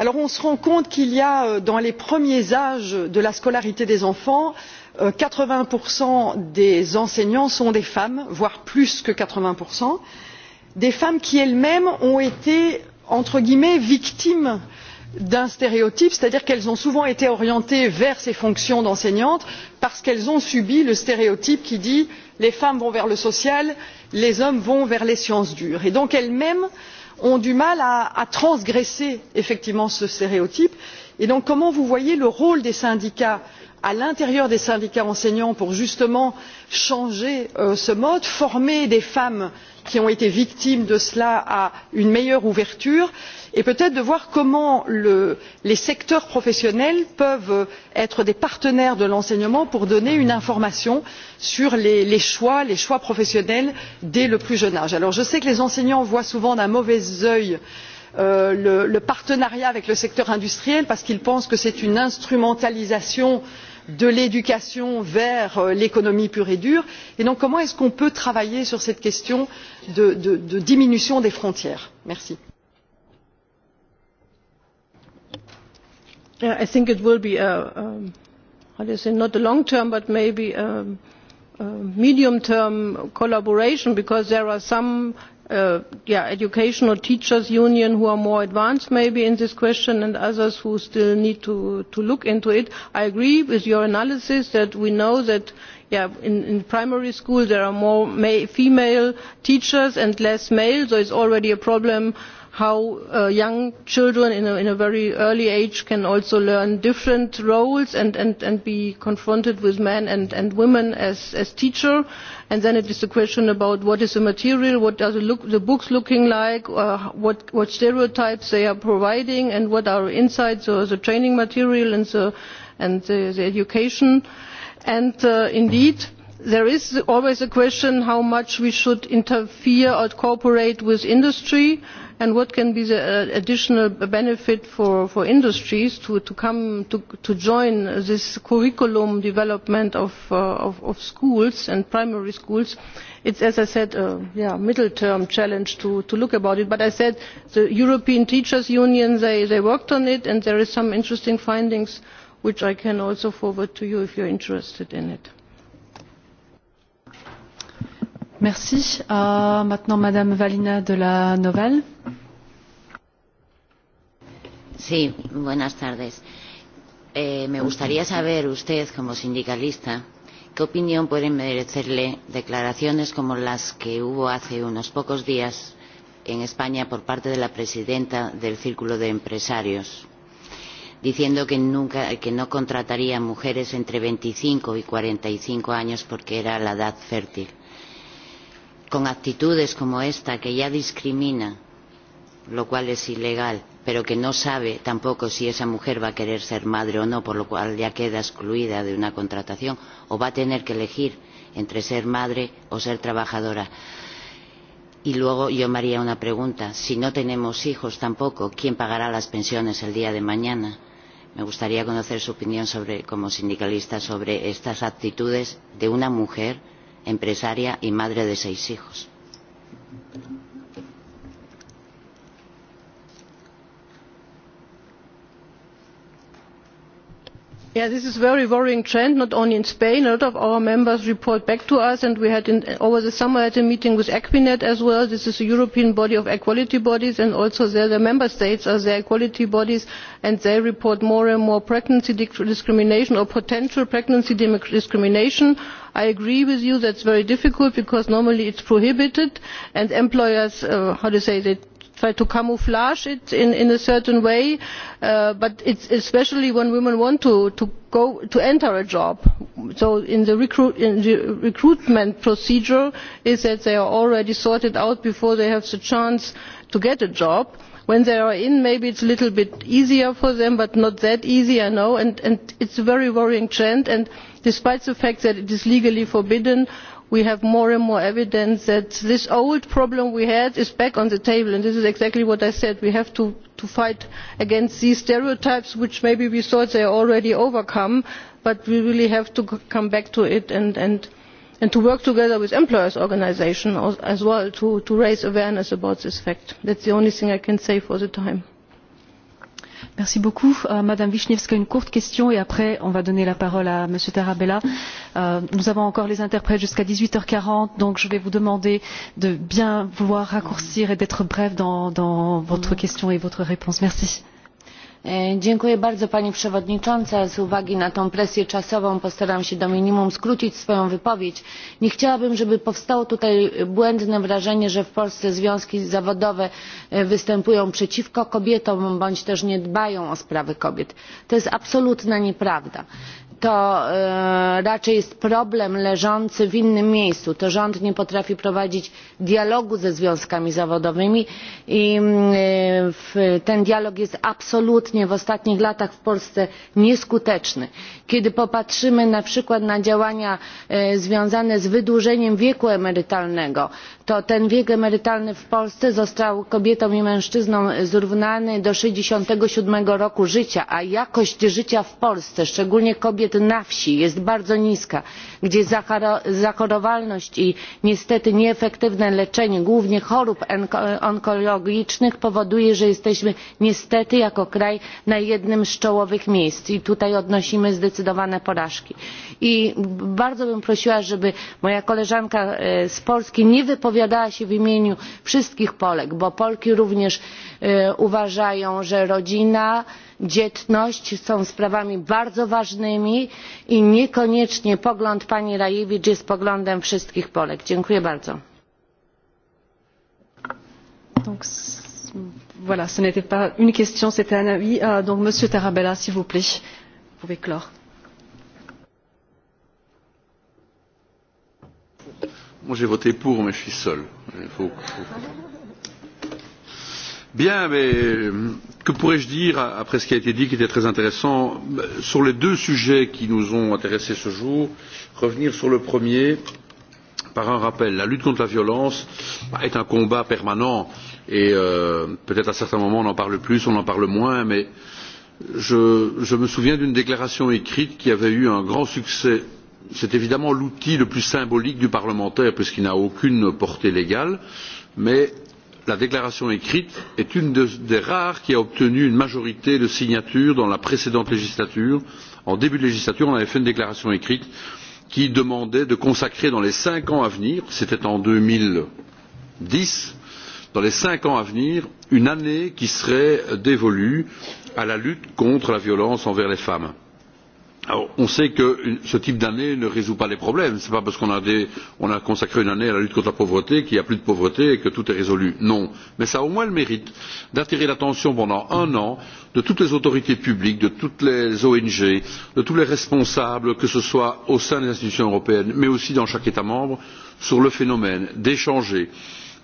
on se rend compte qu'il y a euh, dans les premiers âges de la scolarité des enfants euh, quatre vingts des enseignants sont des femmes voire plus que quatre vingts des femmes qui elles mêmes ont été entre guillemets victimes d'un stéréotype c'est à dire qu'elles ont souvent été orientées vers ces fonctions d'enseignante parce qu'elles ont subi le stéréotype qui dit les femmes vont vers le social les hommes vont vers les sciences dures et donc elles mêmes ont du mal à, transgresser effectivement ce stéréotype et donc comment vous voyez le rôle des syndicats à l'intérieur des syndicats enseignants pour justement changer euh, ce mode former des femmes qui ont été victimes de cela à une meilleure ouverture et peut être de voir comment les secteurs professionnels peuvent être des partenaires de l'enseignement pour donner une information sur les, choix professionnels dès le plus jeune âge. je sais que les enseignants voient souvent d'un mauvais œil euh, le, le partenariat avec le secteur industriel parce qu'ils pensent que c'est une instrumentalisation de de l'éducation vers euh, l'économie pure et dure et donc comment peut on travailler sur cette question de, de, diminution des frontières? Merci. Yeah, i think it will be a, uh, um, how do you say not a long term but maybe a, um, a uh, medium term collaboration because there are some Uh, education or teachers union who are more advanced maybe in this question and others who still need to, look into it. i agree with your analysis that we know that in, primary school there are more female teachers and less male so it is already a problem how uh, young children in a, very early age can also learn different roles and, be confronted with men and, women as, as teachers and then it is a question about what is the material what are the, books looking like uh, what, stereotypes they are providing and what are insights or the training material and the, education and uh, indeed there is always a question of how much we should interfere or cooperate with industry and what can be the uh, additional benefit for, industries to, join this curriculum development of, uh, schools and primary schools. it is as I said, a middle-term challenge to, look at it. But as I said the European Teachers Union, they, they worked on it, and there are some interesting findings which I can also forward to you if you are interested in it. Merci. Euh, maintenant, Madame Valina de la Noval. Sí, buenas tardes. Eh, me gustaría saber usted, como sindicalista, qué opinión pueden merecerle declaraciones como las que hubo hace unos pocos días en España por parte de la presidenta del Círculo de Empresarios, diciendo que, nunca, que no contrataría mujeres entre 25 y 45 años porque era la edad fértil con actitudes como esta que ya discrimina, lo cual es ilegal, pero que no sabe tampoco si esa mujer va a querer ser madre o no, por lo cual ya queda excluida de una contratación o va a tener que elegir entre ser madre o ser trabajadora. Y luego yo me haría una pregunta. Si no tenemos hijos tampoco, ¿quién pagará las pensiones el día de mañana? Me gustaría conocer su opinión sobre, como sindicalista sobre estas actitudes de una mujer empresaria y madre de seis hijos. Yeah, this is a very worrying trend not only in spain a lot of our members report back to us and we had in, over the summer had a meeting with equinet as well this is a european body of equality bodies and also there the member states are their equality bodies and they report more and more pregnancy discrimination or potential pregnancy discrimination i agree with you that is very difficult because normally it is prohibited and employers uh, how do you say they try to camouflage it in a certain way uh, but especially when women want to enter a job so in the recruitment procedure they are already sorted out before they have the chance to get a job. when they are in maybe it is a little bit easier for them but not that easy i know and it is a very worrying trend and despite the fact that it is legally forbidden we have more and more evidence that this old problem we had is back on the table and this is exactly what i said we have to fight against these stereotypes which maybe we thought were already overcome but we really have to come back to it and to work together with employers' organisations as well to raise awareness about this fact. that is the only thing i can say for the time. Merci beaucoup. Euh, Madame Wisniewska, une courte question et après on va donner la parole à Monsieur Tarabella. Euh, nous avons encore les interprètes jusqu'à 18h40, donc je vais vous demander de bien vouloir raccourcir et d'être bref dans, dans votre question et votre réponse. Merci. Euh, E, dziękuję bardzo pani przewodnicząca! z uwagi na tę presję czasową postaram się do minimum skrócić swoją wypowiedź. nie chciałabym żeby powstało tutaj błędne wrażenie że w polsce związki zawodowe e, występują przeciwko kobietom bądź też nie dbają o sprawy kobiet. to jest absolutna nieprawda to e, raczej jest problem leżący w innym miejscu to rząd nie potrafi prowadzić dialogu ze związkami zawodowymi i mm, e, ten dialog jest absolutnie w ostatnich latach w polsce nieskuteczny. kiedy popatrzymy na przykład na działania e, związane z wydłużeniem wieku emerytalnego to ten wiek emerytalny w polsce został kobietom i mężczyznom zrównany do sześćdziesiąt siedem roku życia a jakość życia w polsce szczególnie kobiet na wsi jest bardzo niska gdzie zachorowalność i niestety nieefektywne leczenie głównie chorób onkologicznych powoduje że jesteśmy niestety jako kraj na jednym z czołowych miejsc i tutaj odnosimy zdecydowane porażki. bardzo bym prosiła żeby moja koleżanka e, z polski nie wypowiadała wypowiadała się w imieniu wszystkich polek bo polki również e, uważają że rodzina dzietność są sprawami bardzo ważnymi i niekoniecznie pogląd pani rajewicz jest poglądem wszystkich polek. dziękuję bardzo. Moi j'ai voté pour, mais je suis seul. Il faut, faut... Bien, mais euh, que pourrais-je dire après ce qui a été dit qui était très intéressant Sur les deux sujets qui nous ont intéressés ce jour, revenir sur le premier par un rappel. La lutte contre la violence est un combat permanent et euh, peut-être à certains moments on en parle plus, on en parle moins, mais je, je me souviens d'une déclaration écrite qui avait eu un grand succès c'est évidemment l'outil le plus symbolique du parlementaire puisqu'il n'a aucune portée légale mais la déclaration écrite est une des rares qui a obtenu une majorité de signatures dans la précédente législature. en début de législature on avait fait une déclaration écrite qui demandait de consacrer dans les cinq ans à venir c'était en deux mille dix dans les cinq ans à venir une année qui serait dévolue à la lutte contre la violence envers les femmes on sait que ce type d'année ne résout pas les problèmes. ce n'est pas parce qu'on a, consacré une année à la lutte contre la pauvreté qu'il n'y a plus de pauvreté et que tout est résolu. non. mais cela a au moins le mérite d'attirer l'attention pendant un an de toutes les autorités publiques de toutes les ong de tous les responsables que ce soit au sein des institutions européennes mais aussi dans chaque état membre sur le phénomène d'échanger de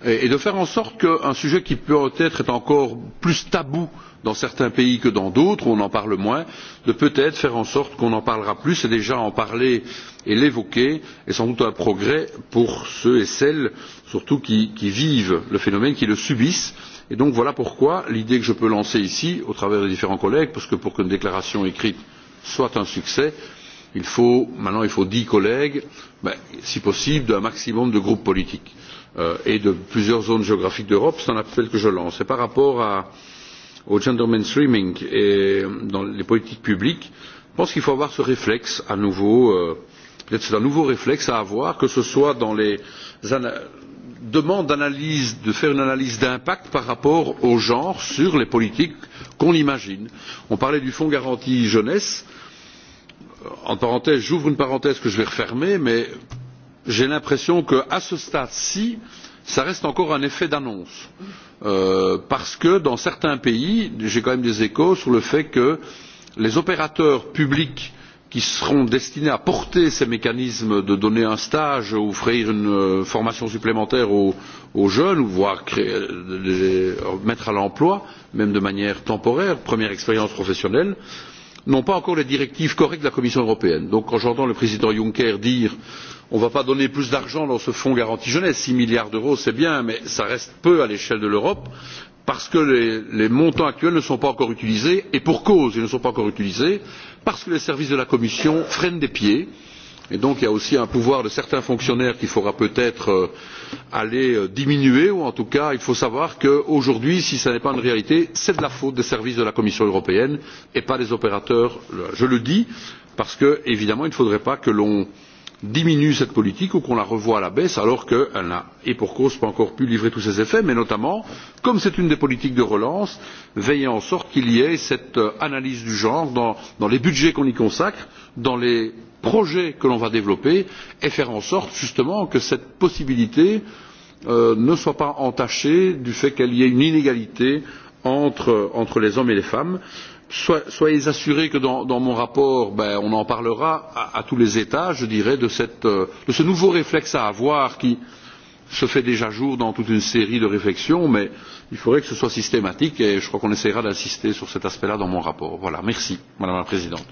et de faire en sorte qu'un sujet qui peut être encore plus tabou dans certains pays que dans d'autres où on en parle moins de peut être faire en sorte qu'on en parlera plus et déjà en parler et l'évoquer est sans doute un progrès pour ceux et celles surtout qui, vivent le phénomène qui le subissent et donc voilà pourquoi l'idée que je peux lancer ici au travers des différents collègues parce que pour qu'une déclaration écrite soit un succès il faut maintenant dix collègues si possible d'un maximum de groupes politiques Euh, et de plusieurs zones géographiques d'Europe. C'est un appel que je lance. Et par rapport à, au gender mainstreaming et dans les politiques publiques, je pense qu'il faut avoir ce réflexe à nouveau. Euh, Peut-être c'est un nouveau réflexe à avoir, que ce soit dans les demandes d'analyse, de faire une analyse d'impact par rapport au genre sur les politiques qu'on imagine. On parlait du fonds garantie jeunesse. En parenthèse, j'ouvre une parenthèse que je vais refermer, mais j'ai l'impression qu'à ce stade ci cela reste encore un effet d'annonce euh, parce que dans certains pays j'ai quand même des échos sur le fait que les opérateurs publics qui seront destinés à porter ces mécanismes de donner un stage ou offrir une euh, formation supplémentaire aux, aux jeunes voire créer, euh, les mettre à l'emploi même de manière temporaire première expérience professionnelle euh, n'ont pas encore les directives correctes de la commission européenne. donc quand j'entends le président juncker dire on ne va pas donner plus d'argent dans ce fonds garantie jeunesse six milliards d'euros c'est bien mais cela reste peu à l'échelle de l'europe parce que les montants actuels ne sont pas encore utilisés et pour cause ils ne sont pas encore utilisés parce que les services de la commission freinent des pieds et donc il y a aussi un pouvoir de certains fonctionnaires qu'il faudra peut être euh, aller euh, diminuer ou en tout cas il faut savoir qu'aujourd'hui si ce n'est pas une réalité c'est de la faute des services de la commission européenne et pas des opérateurs je le dis parce qu'évidemment il ne faudrait pas que l'on diminue cette politique ou qu'on la revoie à la baisse alors qu'elle n'a et pour cause pas encore pu livrer tous ses effets mais notamment comme c'est une des politiques de relance veiller en sorte qu'il y ait cette euh, analyse du genre dans, les budgets qu'on y consacre dans les projets que l'on va développer et faire en sorte justement que cette possibilité euh, ne soit pas entachée du fait qu'il y ait une inégalité entre, les hommes et les femmes. Euh, soyez assurés que dans, dans mon rapport ben, on en parlera à, à tous les états je dirais de, cette, euh, de ce nouveau réflexe à avoir qui se fait déjà jour dans toute une série de réflexions mais il faudrait que ce soit systématique et je crois qu'on essaiera d'insister sur cet aspect là dans mon rapport. voilà merci madame la présidente.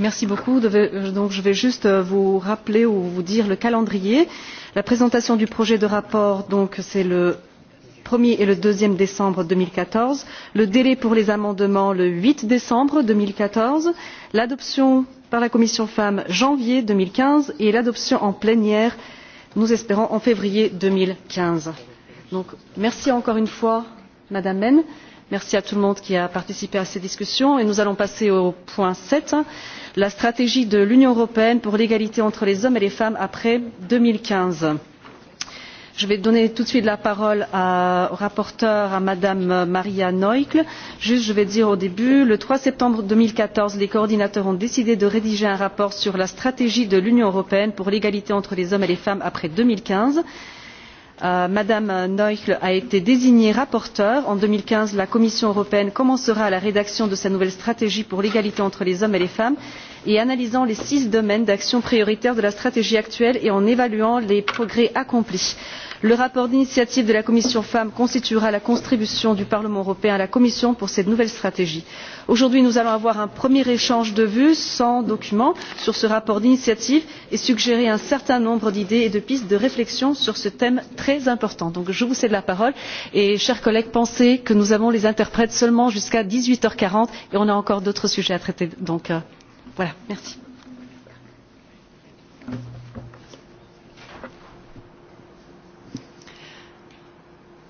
Merci beaucoup. Euh, donc, je vais juste euh, vous rappeler ou vous dire le calendrier. La présentation du projet de rapport, c'est le un et le deux décembre deux mille quatorze le délai pour les amendements le huit décembre deux mille quatorze l'adoption par la commission femm en janvier deux mille quinze et l'adoption en plénière nous espérons en février. deux mille quinze merci encore une fois madame mann merci à tout le monde qui a participé à ces discussions et nous allons passer au point sept la stratégie de l'union européenne pour l'égalité entre les hommes et les femmes après deux mille quinze je vais donner tout de suite la parole à, la rapporteure mme maria noichl. je vais dire au début le trois septembre deux mille quatorze les coordinateurs ont décidé de rédiger un rapport sur la stratégie de l'union européenne pour l'égalité entre les hommes et les femmes après. deux mille quinze euh, mme noichl a été désignée rapporteure. en deux mille quinze la commission européenne commencera la rédaction de sa nouvelle stratégie pour l'égalité entre les hommes et les femmes et analysant les six domaines d'action prioritaires de la stratégie actuelle et en évaluant les progrès accomplis. le rapport d'initiative de la commission femm constituera la contribution du parlement européen à la commission pour cette nouvelle stratégie. aujourd'hui nous allons avoir un premier échange de vues sans document sur ce rapport d'initiative et suggérer un certain nombre d'idées et de pistes de réflexion sur ce thème très important. donc je vous cède la parole et chers collègues pensez que nous avons les interprètes seulement jusqu'à dix huit h quarante et nous a encore d'autres sujets à traiter donc euh, Voilà, merci.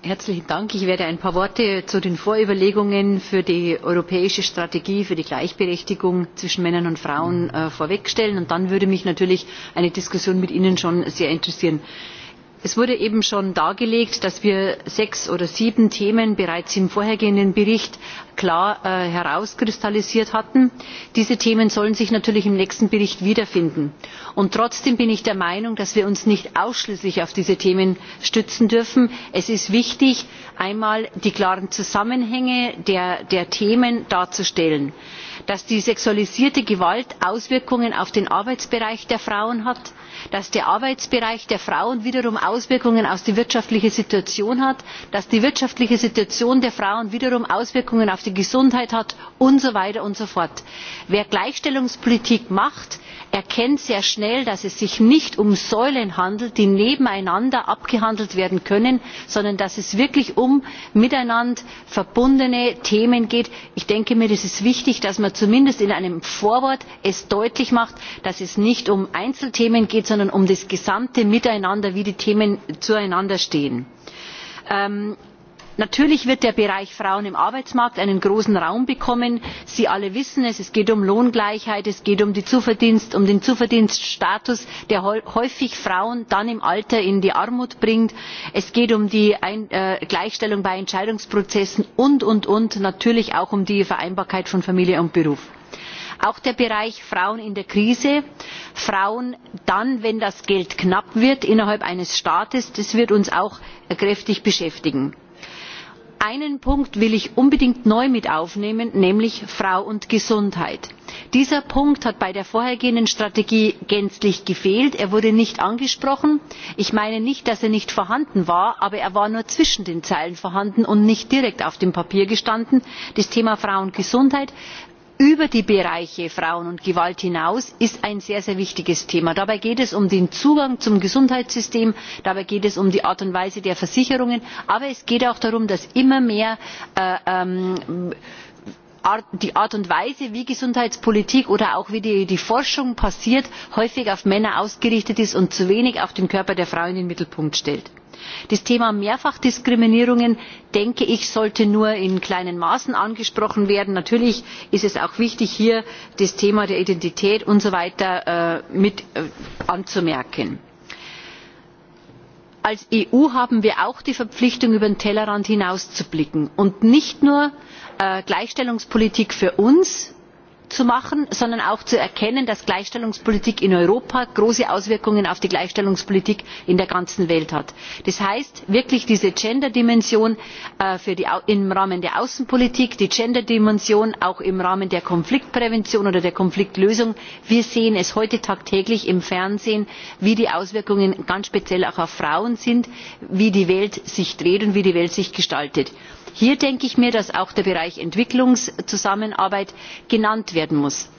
herzlichen dank! ich werde ein paar worte zu den vorüberlegungen für die europäische strategie für die gleichberechtigung zwischen männern und frauen äh, vorwegstellen und dann würde mich natürlich eine diskussion mit ihnen schon sehr interessieren. es wurde eben schon dargelegt dass wir sechs oder sieben themen bereits im vorhergehenden bericht klar äh, herauskristallisiert hatten. diese themen sollen sich natürlich im nächsten bericht wiederfinden. Und trotzdem bin ich der meinung dass wir uns nicht ausschließlich auf diese themen stützen dürfen. es ist wichtig einmal die klaren zusammenhänge der themen darzustellen dass die sexualisierte gewalt auswirkungen auf den arbeitsbereich der frauen hat dass der arbeitsbereich der frauen wiederum auswirkungen auf die wirtschaftliche situation hat dass die wirtschaftliche situation der frauen wiederum auswirkungen auf die gesundheit hat und so weiter und so fort. wer gleichstellungspolitik macht erkennt sehr schnell dass es sich nicht um säulen handelt die nebeneinander abgehandelt werden können sondern dass es wirklich um miteinander verbundene themen geht. ich denke mir es ist wichtig oder zumindest in einem vorwort es deutlich macht dass es nicht um einzelthemen geht sondern um das gesamte miteinander wie die themen zueinander stehen. Ähm, natürlich wird der bereich frauen im arbeitsmarkt einen großen raum bekommen sie alle wissen es es geht um lohngleichheit es geht um, um den zuverdienststatus der häufig frauen dann im alter in die armut bringt es geht um die äh, gleichstellung bei entscheidungsprozessen und und und natürlich auch um die vereinbarkeit von familie und beruf auch der bereich frauen in der krise frauen dann wenn das geld knapp wird innerhalb eines staates das wird uns auch kräftig beschäftigen einen punkt will ich unbedingt neu mit aufnehmen nämlich frau und gesundheit. dieser punkt hat bei der vorhergehenden strategie gänzlich gefehlt er wurde nicht angesprochen. ich meine nicht dass er nicht vorhanden war aber er war nur zwischen den zeilen vorhanden und nicht direkt auf dem papier gestanden. das thema frauengesundheit über die bereiche frauen und gewalt hinaus ist ein sehr sehr wichtiges thema. dabei geht es um den zugang zum gesundheitssystem dabei geht es um die art und weise der versicherungen aber es geht auch darum dass immer mehr äh, ähm, die art und weise wie gesundheitspolitik oder auch wie die, forschung passiert häufig auf männer ausgerichtet ist und zu wenig auch den körper der frau in den mittelpunkt stellt das thema mehrfachdiskriminierungen sollte nur in kleinem maße angesprochen werden. natürlich ist es auch wichtig hier das thema der identität und so weiter äh, mit äh, anzumerken als eu haben wir auch die verpflichtung über den tellerrand hinauszublicken und nicht nur äh, gleichstellungspolitik für uns zu machen sondern auch zu erkennen dass gleichstellungspolitik in europa große auswirkungen auf die gleichstellungspolitik in der ganzen welt hat. das heißt wirklich diese gender dimension äh, im rahmen der außenpolitik die gender dimension auch im rahmen der konfliktprävention oder der konfliktlösung wir sehen es heute tagtäglich im fernsehen wie die auswirkungen ganz speziell auch auf frauen sind wie die welt sich dreht und wie die welt sich gestaltet hier denke ich mir dass auch der bereich entwicklungszusammenarbeit genannt werden muss.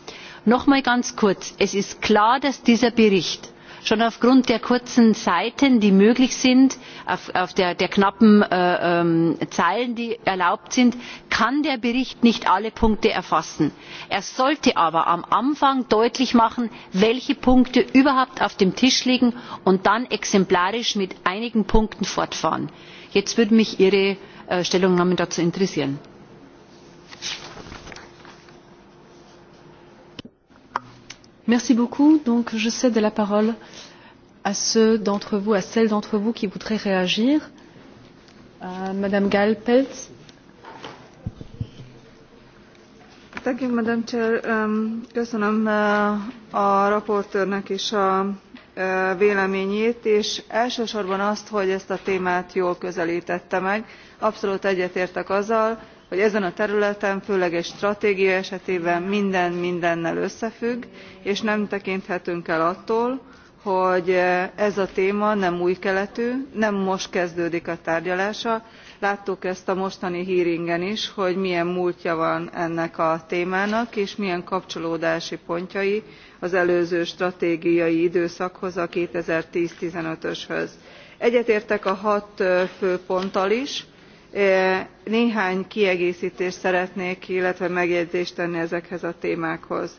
noch einmal ganz kurz es ist klar dass dieser bericht schon aufgrund der kurzen seiten die möglich sind aufgrund der, knappen äh, ähm, zeilen die erlaubt sind nicht alle punkte erfassen. kann. er sollte aber am anfang deutlich machen welche punkte überhaupt auf dem tisch liegen und dann exemplarisch mit einigen punkten fortfahren. jetzt würde mich ihre Äh, stellungnahmen dazu interessieren. merci beaucoup. donc je cède la parole à ceux d'entre vous à celles d'entre vous qui voudraient réagir. Euh, madame gll pelcz. Thank you, Madam Chair. Um, köszönöm uh, a raportőrnek és a véleményét és elsősorban azt hogy ezt a témát jól közeltette meg. abszolút egyetértek azzal hogy ezen a területen főleg egy stratégia esetében minden mindennel összefügg és nem tekinthetünk el attól hogy eh, ez a téma nem új keletű nem most kezdődik a tárgyalása láttuk ezt a mostani hearingen is hogy milyen múltja van ennek a témának és milyen kapcsolódási pontjai az előző stratégiai időszakhoz a two thousand and ten fifteen öshöz. egyetértek a hat eh, fő ponttal is eh, néhány kiegésztést szeretnék illetve megjegyzést tenni ezekhez a témákhoz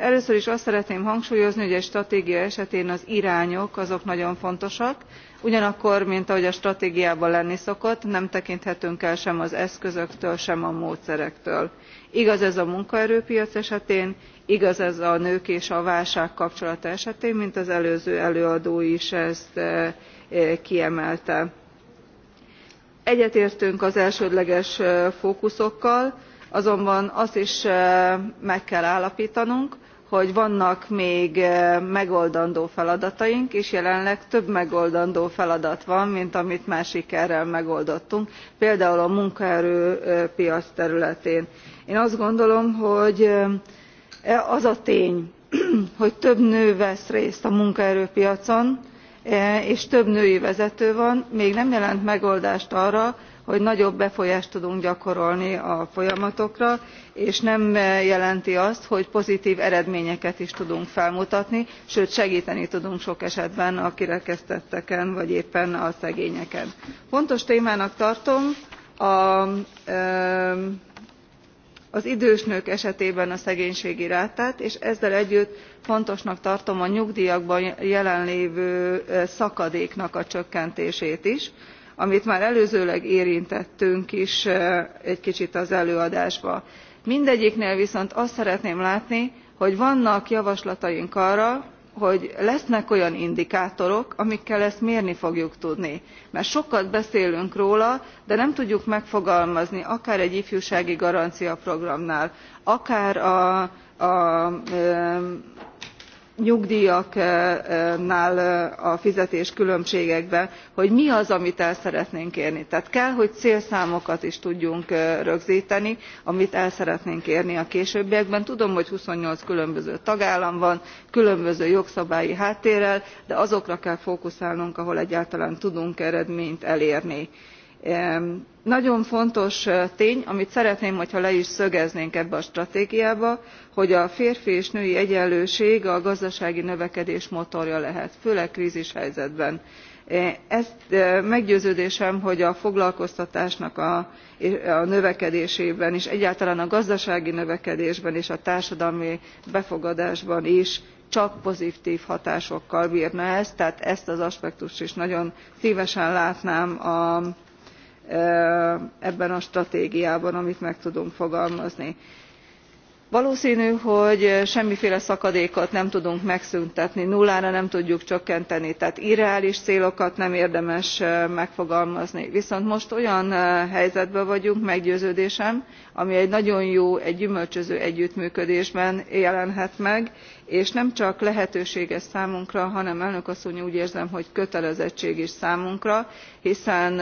először is azt szeretném hangsúlyozni hogy egy stratégia esetén az irányok azok nagyon fontosak ugyanakkor mint ahogy a stratégiában lenni szokott nem tekinthetünk el sem az eszközöktől sem a módszerektől. igaz ez a munkaerőpiac esetén igaz ez a nők és a válság kapcsolata esetén mint az előző előadó is ezt kiemelte. egyetértünk az elsődleges fókuszokkal azonban azt is meg kell állaptanunk hogy vannak még megoldandó feladataink és jelenleg több megoldandó feladat van mint amit már sikerrel megoldottunk például a piac területén. én azt gondolom hogy e, az a tény hogy több nő vesz részt a piacon e, és több női vezető van még nem jelent megoldást arra hogy nagyobb befolyást tudunk gyakorolni a folyamatokra és nem jelenti azt hogy pozitv eredményeket is tudunk felmutatni sőt segteni tudunk sok esetben a kirekesztetteken vagy éppen a szegényeken. fontos témának tartom az idős nők esetében a szegénységi rátát és ezzel együtt fontosnak tartom a nyugdjakban jelen lévő szakadéknak a csökkentését is amit már előzőleg érintettünk is egy kicsit az előadásban. mindegyiknél viszont azt szeretném látni hogy vannak javaslataink arra hogy lesznek olyan indikátorok amikkel ezt mérni fogjuk tudni mert sokat beszélünk róla de nem tudjuk megfogalmazni akár egy ifjúsági garancia programnál akár a, nyugdjaknál a fizetéskülönbségekben hogy mi az amit el szeretnénk érni. tehát kell hogy célszámokat is tudjunk rögzteni amit el szeretnénk érni a későbbiekben. tudom hogy twenty eight különböző tagállam van különböző jogszabályi háttérrel de azokra kell fókuszálnunk ahol egyáltalán tudunk eredményt elérni nagyon fontos tény amit szeretném hogyha le is szögeznénk ebbe a stratégiába hogy a férfi és női egyenlőség a gazdasági növekedés motorja lehet főleg krzishelyzetben. E, meggyőződésem hogy a foglalkoztatásnak a növekedésében és egyáltalán a gazdasági növekedésben és a társadalmi befogadásban is csak pozitv hatásokkal brna ez tehát ezt az aspektust is nagyon szvesen látnám a ebben a stratégiában amit meg tudunk fogalmazni. valósznű hogy semmiféle szakadékot nem tudunk megszüntetni nullára nem tudjuk csökkenteni tehát irreális célokat nem érdemes megfogalmazni viszont most olyan helyzetben vagyunk meggyőződésem ami egy nagyon jó egy gyümölcsöző együttműködésben jelenhet meg és nem csak lehetőség ez számunkra hanem elnök asszony úgy érzem hogy kötelezettség is számunkra hiszen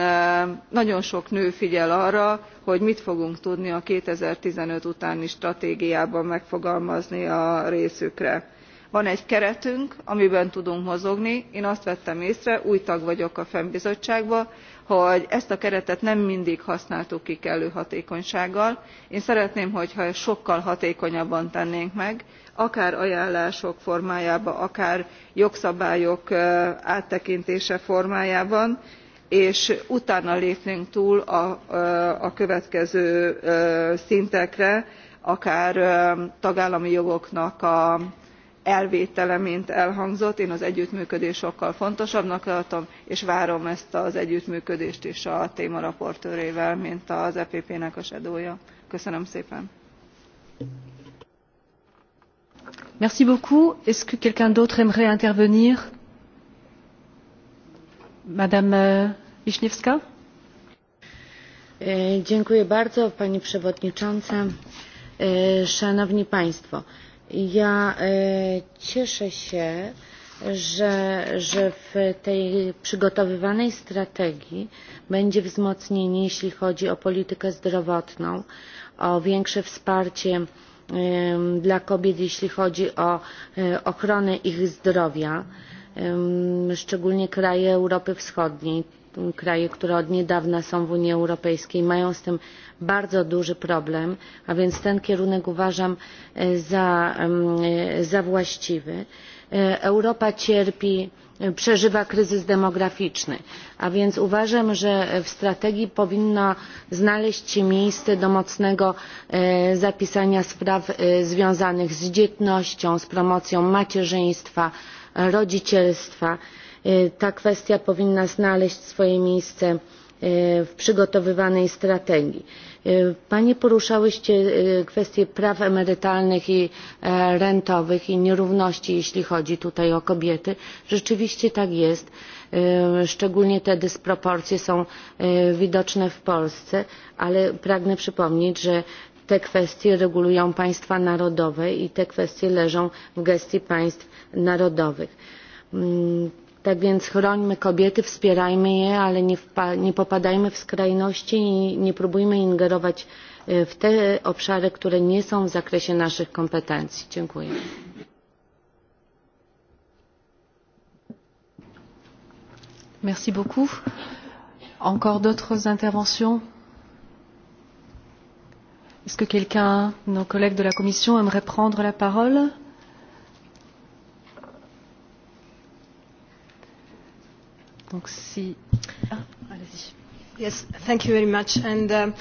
nagyon sok nő figyel arra hogy mit fogunk tudni a two thousand and fifteen utáni stratégiában megfogalmazni a részükre. van egy keretünk amiben tudunk mozogni én azt vettem észre új tag vagyok a femm bizottságban hogy ezt a keretet nem mindig használtuk ki kellő hatékonysággal. én szeretném hogyha ezt sokkal hatékonyabban tennénk meg akár ajánlások formájában akár jogszabályok áttekintése formájában és utána lépnénk túl a, a következő szintekre akár tagállami jogoknak az elvétele mint elhangzott én az együttműködést sokkal fontosabbnak tartom és várom ezt az együttműködést is a téma raportőrével mint az epp nek a shadow ja. köszönöm szépen! Merci beaucoup. Est-ce que quelqu'un d'autre aimerait intervenir Madame euh, Wiśniewska e, Dziękuję bardzo Pani Przewodnicząca. E, szanowni Państwo, ja e, cieszę się, że, że w tej przygotowywanej strategii będzie wzmocnienie, jeśli chodzi o politykę zdrowotną, o większe wsparcie dla kobiet jeśli chodzi o e, ochronę ich zdrowia szczególnie kraje europy wschodniej kraje które od niedawna są w unii europejskiej mają z tym bardzo duży problem a więc ten kierunek uważam e, e, za właściwy. europa cierpi przeżywa kryzys demograficzny a więc uważam że w strategii powinno znaleźć się miejsce do mocnego e, zapisania spraw e, związanych z dzietnością z promocją macierzyństwa rodzicielstwa e, ta kwestia powinna znaleźć swoje miejsce E, w przygotowywanej strategii. E, panie poruszałyście e, kwestie praw emerytalnych i rentowych i nierówności, jeśli chodzi tutaj o kobiety. Rzeczywiście tak jest. Szczególnie te dysproporcje są widoczne w Polsce, ale pragnę przypomnieć, że te kwestie regulują państwa narodowe i te kwestie leżą w gestii państw narodowych mm, tak więc chronimy kobiety wspierajmy je ale nie, nie popadajmy w skrajności i nie próbujmy ingerować e, w te obszary które nie są w zakresie naszych kompetencji. dziękuję. Merci beaucoup. Encore d'autres interventions Est-ce que quelqu'un, nos collègues de la Commission, aimerait prendre la parole Donc si... Ah, Yes, thank you very much. And, um,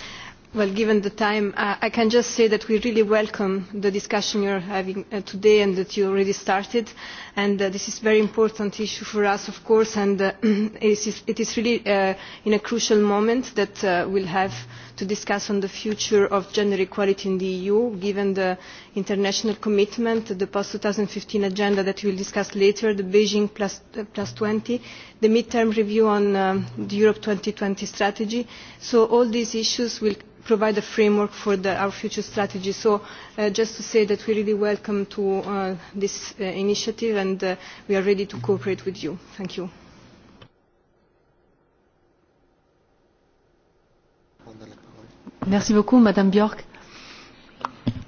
well, given the time, uh, I can just say that we really welcome the discussion you're having uh, today and that you already started and uh, this is a very important issue for us of course and uh, it, is, really uh, a crucial moment that uh, we will have to discuss the future of gender equality in the EU given the international commitment, the post two thousand and fifteen agenda that we will discuss later, the Beijing plus, uh, plus 20, the review on um, the Europe two thousand and twenty strategy. So all these issues will provide a framework for our future strategy. So just to say that we really welcome this initiative and uh, we are ready to cooperate with you. Thank you. Merci beaucoup, Madame Björk.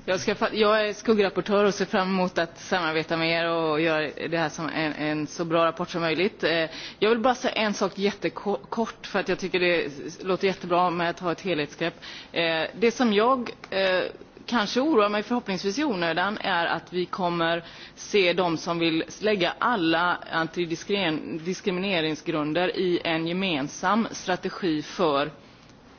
Jag, ska, jag är skuggrapportör och ser fram emot att samarbeta med er och göra det här som en, en så bra rapport som möjligt. Eh, jag vill bara säga en sak jättekort för att jag tycker det låter jättebra med att ha ett helhetsgrepp. Eh, det som jag eh, kanske oroar mig förhoppningsvis i onödan är att vi kommer se de som vill lägga alla antidiskrimineringsgrunder i en gemensam strategi för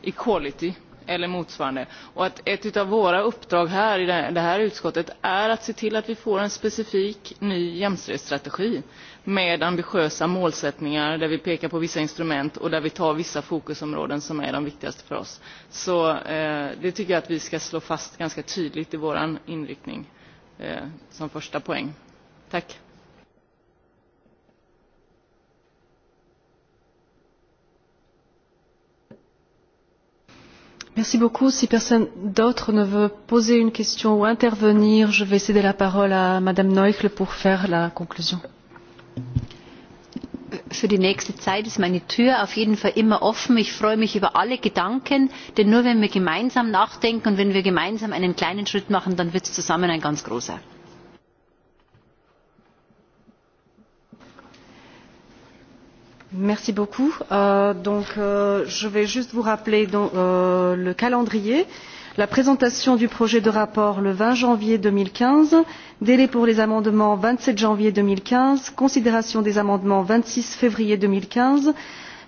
equality eller motsvarande. Och att ett av våra uppdrag här i det här utskottet är att se till att vi får en specifik ny jämställdhetsstrategi med ambitiösa målsättningar där vi pekar på vissa instrument och där vi tar vissa fokusområden som är de viktigaste för oss. Så eh, det tycker jag att vi ska slå fast ganska tydligt i vår inriktning eh, som första poäng. Tack. Merci beaucoup. Si personne d'autre ne veut poser une question ou intervenir, je vais céder la parole à Madame Neuchle pour faire la conclusion für die nächste Zeit ist meine Tür auf jeden Fall immer offen. Ich freue mich über alle Gedanken, denn nur wenn wir gemeinsam nachdenken und wenn wir gemeinsam einen kleinen Schritt machen, dann wird es zusammen ein ganz großer. Merci beaucoup. Euh, donc, euh, je vais juste vous rappeler donc, euh, le calendrier la présentation du projet de rapport le vingt janvier deux mille quinze délai pour les amendements vingt sept janvier deux mille quinze considération des amendements vingt six février deux mille quinze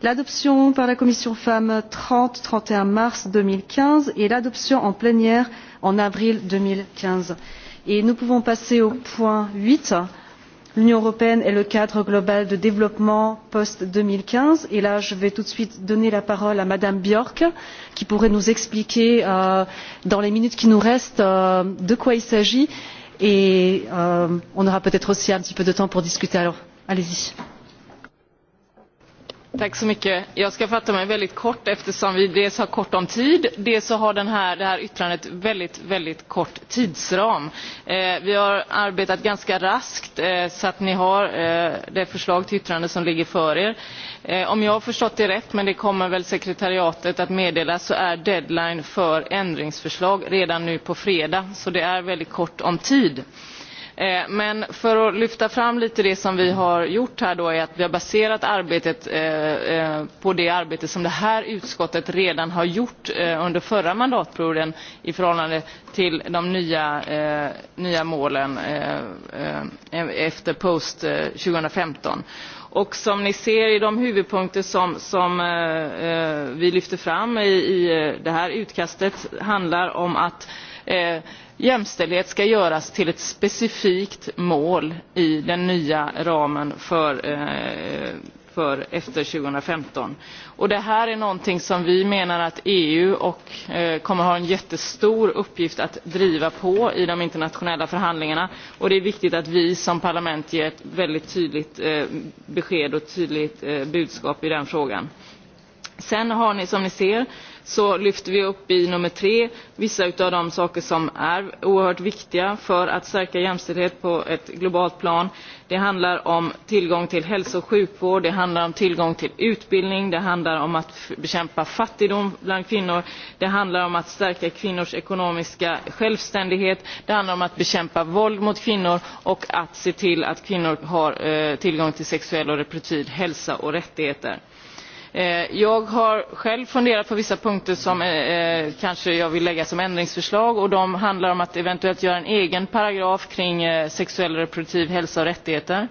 l'adoption par la commission femm le trente et le trente et un mars deux mille quinze et l'adoption en plénière en avril. deux mille quinze nous pouvons passer au point huit l'union européenne et le cadre global de développement post deux mille quinze et là je vais tout de suite donner la parole à mme björk qui pourrait nous expliquer euh, dans les minutes qui nous restent euh, de quoi il s'agit et euh, on aura peut être aussi un petit peu de temps pour discuter alors allez y. Tack så mycket. Jag ska fatta mig väldigt kort eftersom vi dels har kort om tid, dels så har den här, det här yttrandet väldigt, väldigt kort tidsram. Eh, vi har arbetat ganska raskt eh, så att ni har eh, det förslag till yttrande som ligger för er. Eh, om jag har förstått det rätt, men det kommer väl sekretariatet att meddela, så är deadline för ändringsförslag redan nu på fredag. Så det är väldigt kort om tid. Eh, men för att lyfta fram lite det som vi har gjort här då är att vi har baserat arbetet eh, eh, på det arbete som det här utskottet redan har gjort under förra mandatperioden i förhållande till de nya, nya målen efter post 2015. Och som ni ser i de huvudpunkter som, som vi lyfter fram i, i det här utkastet handlar om att jämställdhet ska göras till ett specifikt mål i den nya ramen för, eh, för efter 2015. Och det här är någonting som vi menar att EU och, eh, kommer ha en jättestor uppgift att driva på i de internationella förhandlingarna. Och det är viktigt att vi som parlament ger ett väldigt tydligt eh, besked och tydligt eh, budskap i den frågan. Sen har ni som ni ser lyfter vi upp i nummer tre vissa av de saker som är oerhört viktiga för att stärka jämställdhet på ett globalt plan. Det handlar om tillgång till hälso och sjukvård, det handlar om tillgång till utbildning, det handlar om att bekämpa fattigdom bland kvinnor, det handlar om att stärka kvinnors ekonomiska självständighet, det handlar om att bekämpa våld mot kvinnor och att se till att kvinnor har eh, tillgång till sexuell och reproduktiv hälsa och rättigheter. Eh, jag har själv funderat på vissa punkter som eh, eh kanske jag vill lägga som ändringsförslag de handlar om att eventuellt göra en egen paragraf kring eh, sexuell och reproduktiv hälsa och rättigheter.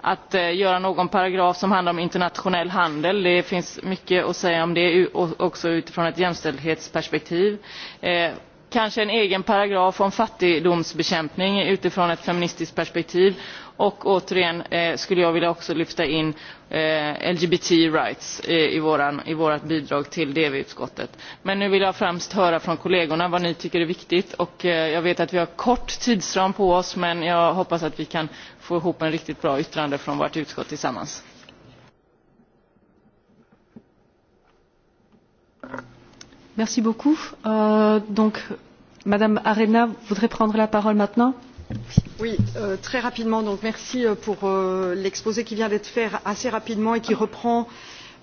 Att göra någon paragraf som handlar om internationell handel, det finns mycket att säga om det också utifrån ett jämställdhetsperspektiv. Eh, kanske en egen paragraf om fattigdomsbekämpning utifrån ett feministiskt perspektiv och återigen eh, skulle jag vilja också lyfta in eh, LGBT rights eh, i, våran, i vårat bidrag till DV-utskottet. Men nu vill jag främst höra från kollegorna vad ni tycker är viktigt och eh, jag vet att vi har kort tidsram på oss men jag hoppas att vi kan få ihop en riktigt bra yttrande från vårt utskott tillsammans. Merci beaucoup. Euh, donc, Madame Arena voudrait prendre la parole maintenant. Euh, très rapidement, donc merci euh, pour euh, l'exposé qui vient d'être fait assez rapidement et qui reprend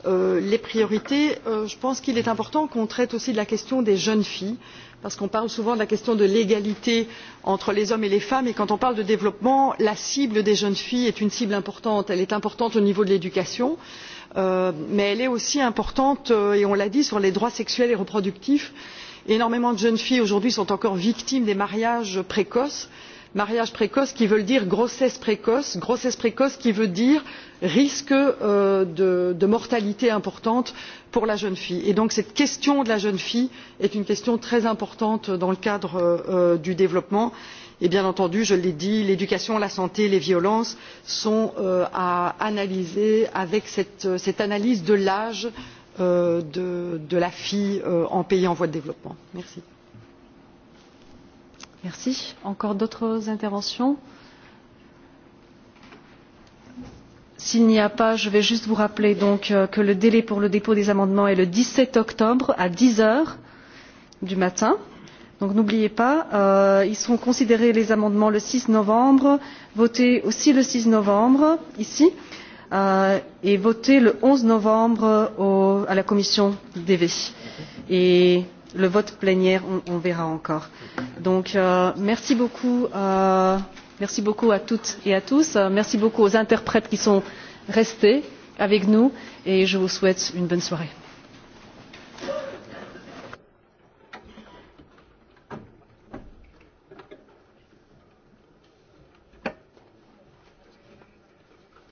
les priorités. je pense qu'il est important qu'on traite aussi de la question des jeunes filles, parce qu'on parle souvent de la question de l'égalité entre les hommes et les femmes, et quand on parle de développement, la cible des jeunes filles est une cible importante. Elle est importante au niveau de l'éducation, mais elle est aussi importante, et on l'a dit, sur les droits sexuels et reproductifs. Énormément de jeunes filles aujourd'hui sont encore victimes des mariages précoces mariage précoce qui veulent dire grossesse précoce grossesse précoce qui veut dire risque euh, de, mortalité importante pour la jeune fille. et donc cette question de la jeune fille est une question très importante dans le cadre euh, euh, du développement et bien entendu je l'ai dit l'éducation la santé les violences sont à analyser avec cette, analyse de l'âge de la fille en pays en voie de développement. merci. Merci. Encore d'autres interventions S'il n'y a pas, je vais juste vous rappeler donc euh, que le délai pour le dépôt des amendements est le 17 octobre à 10 heures du matin. Donc n'oubliez pas, euh, ils seront considérés les amendements le 6 novembre, votés aussi le 6 novembre ici euh, et votés le 11 novembre au, à la commission DV. Et le vote plénière on, on verra encore. donc euh, merci beaucoup euh, merci beaucoup à toutes et à tous merci beaucoup aux interprètes qui sont restés avec nous et je vous souhaite une bonne soirée.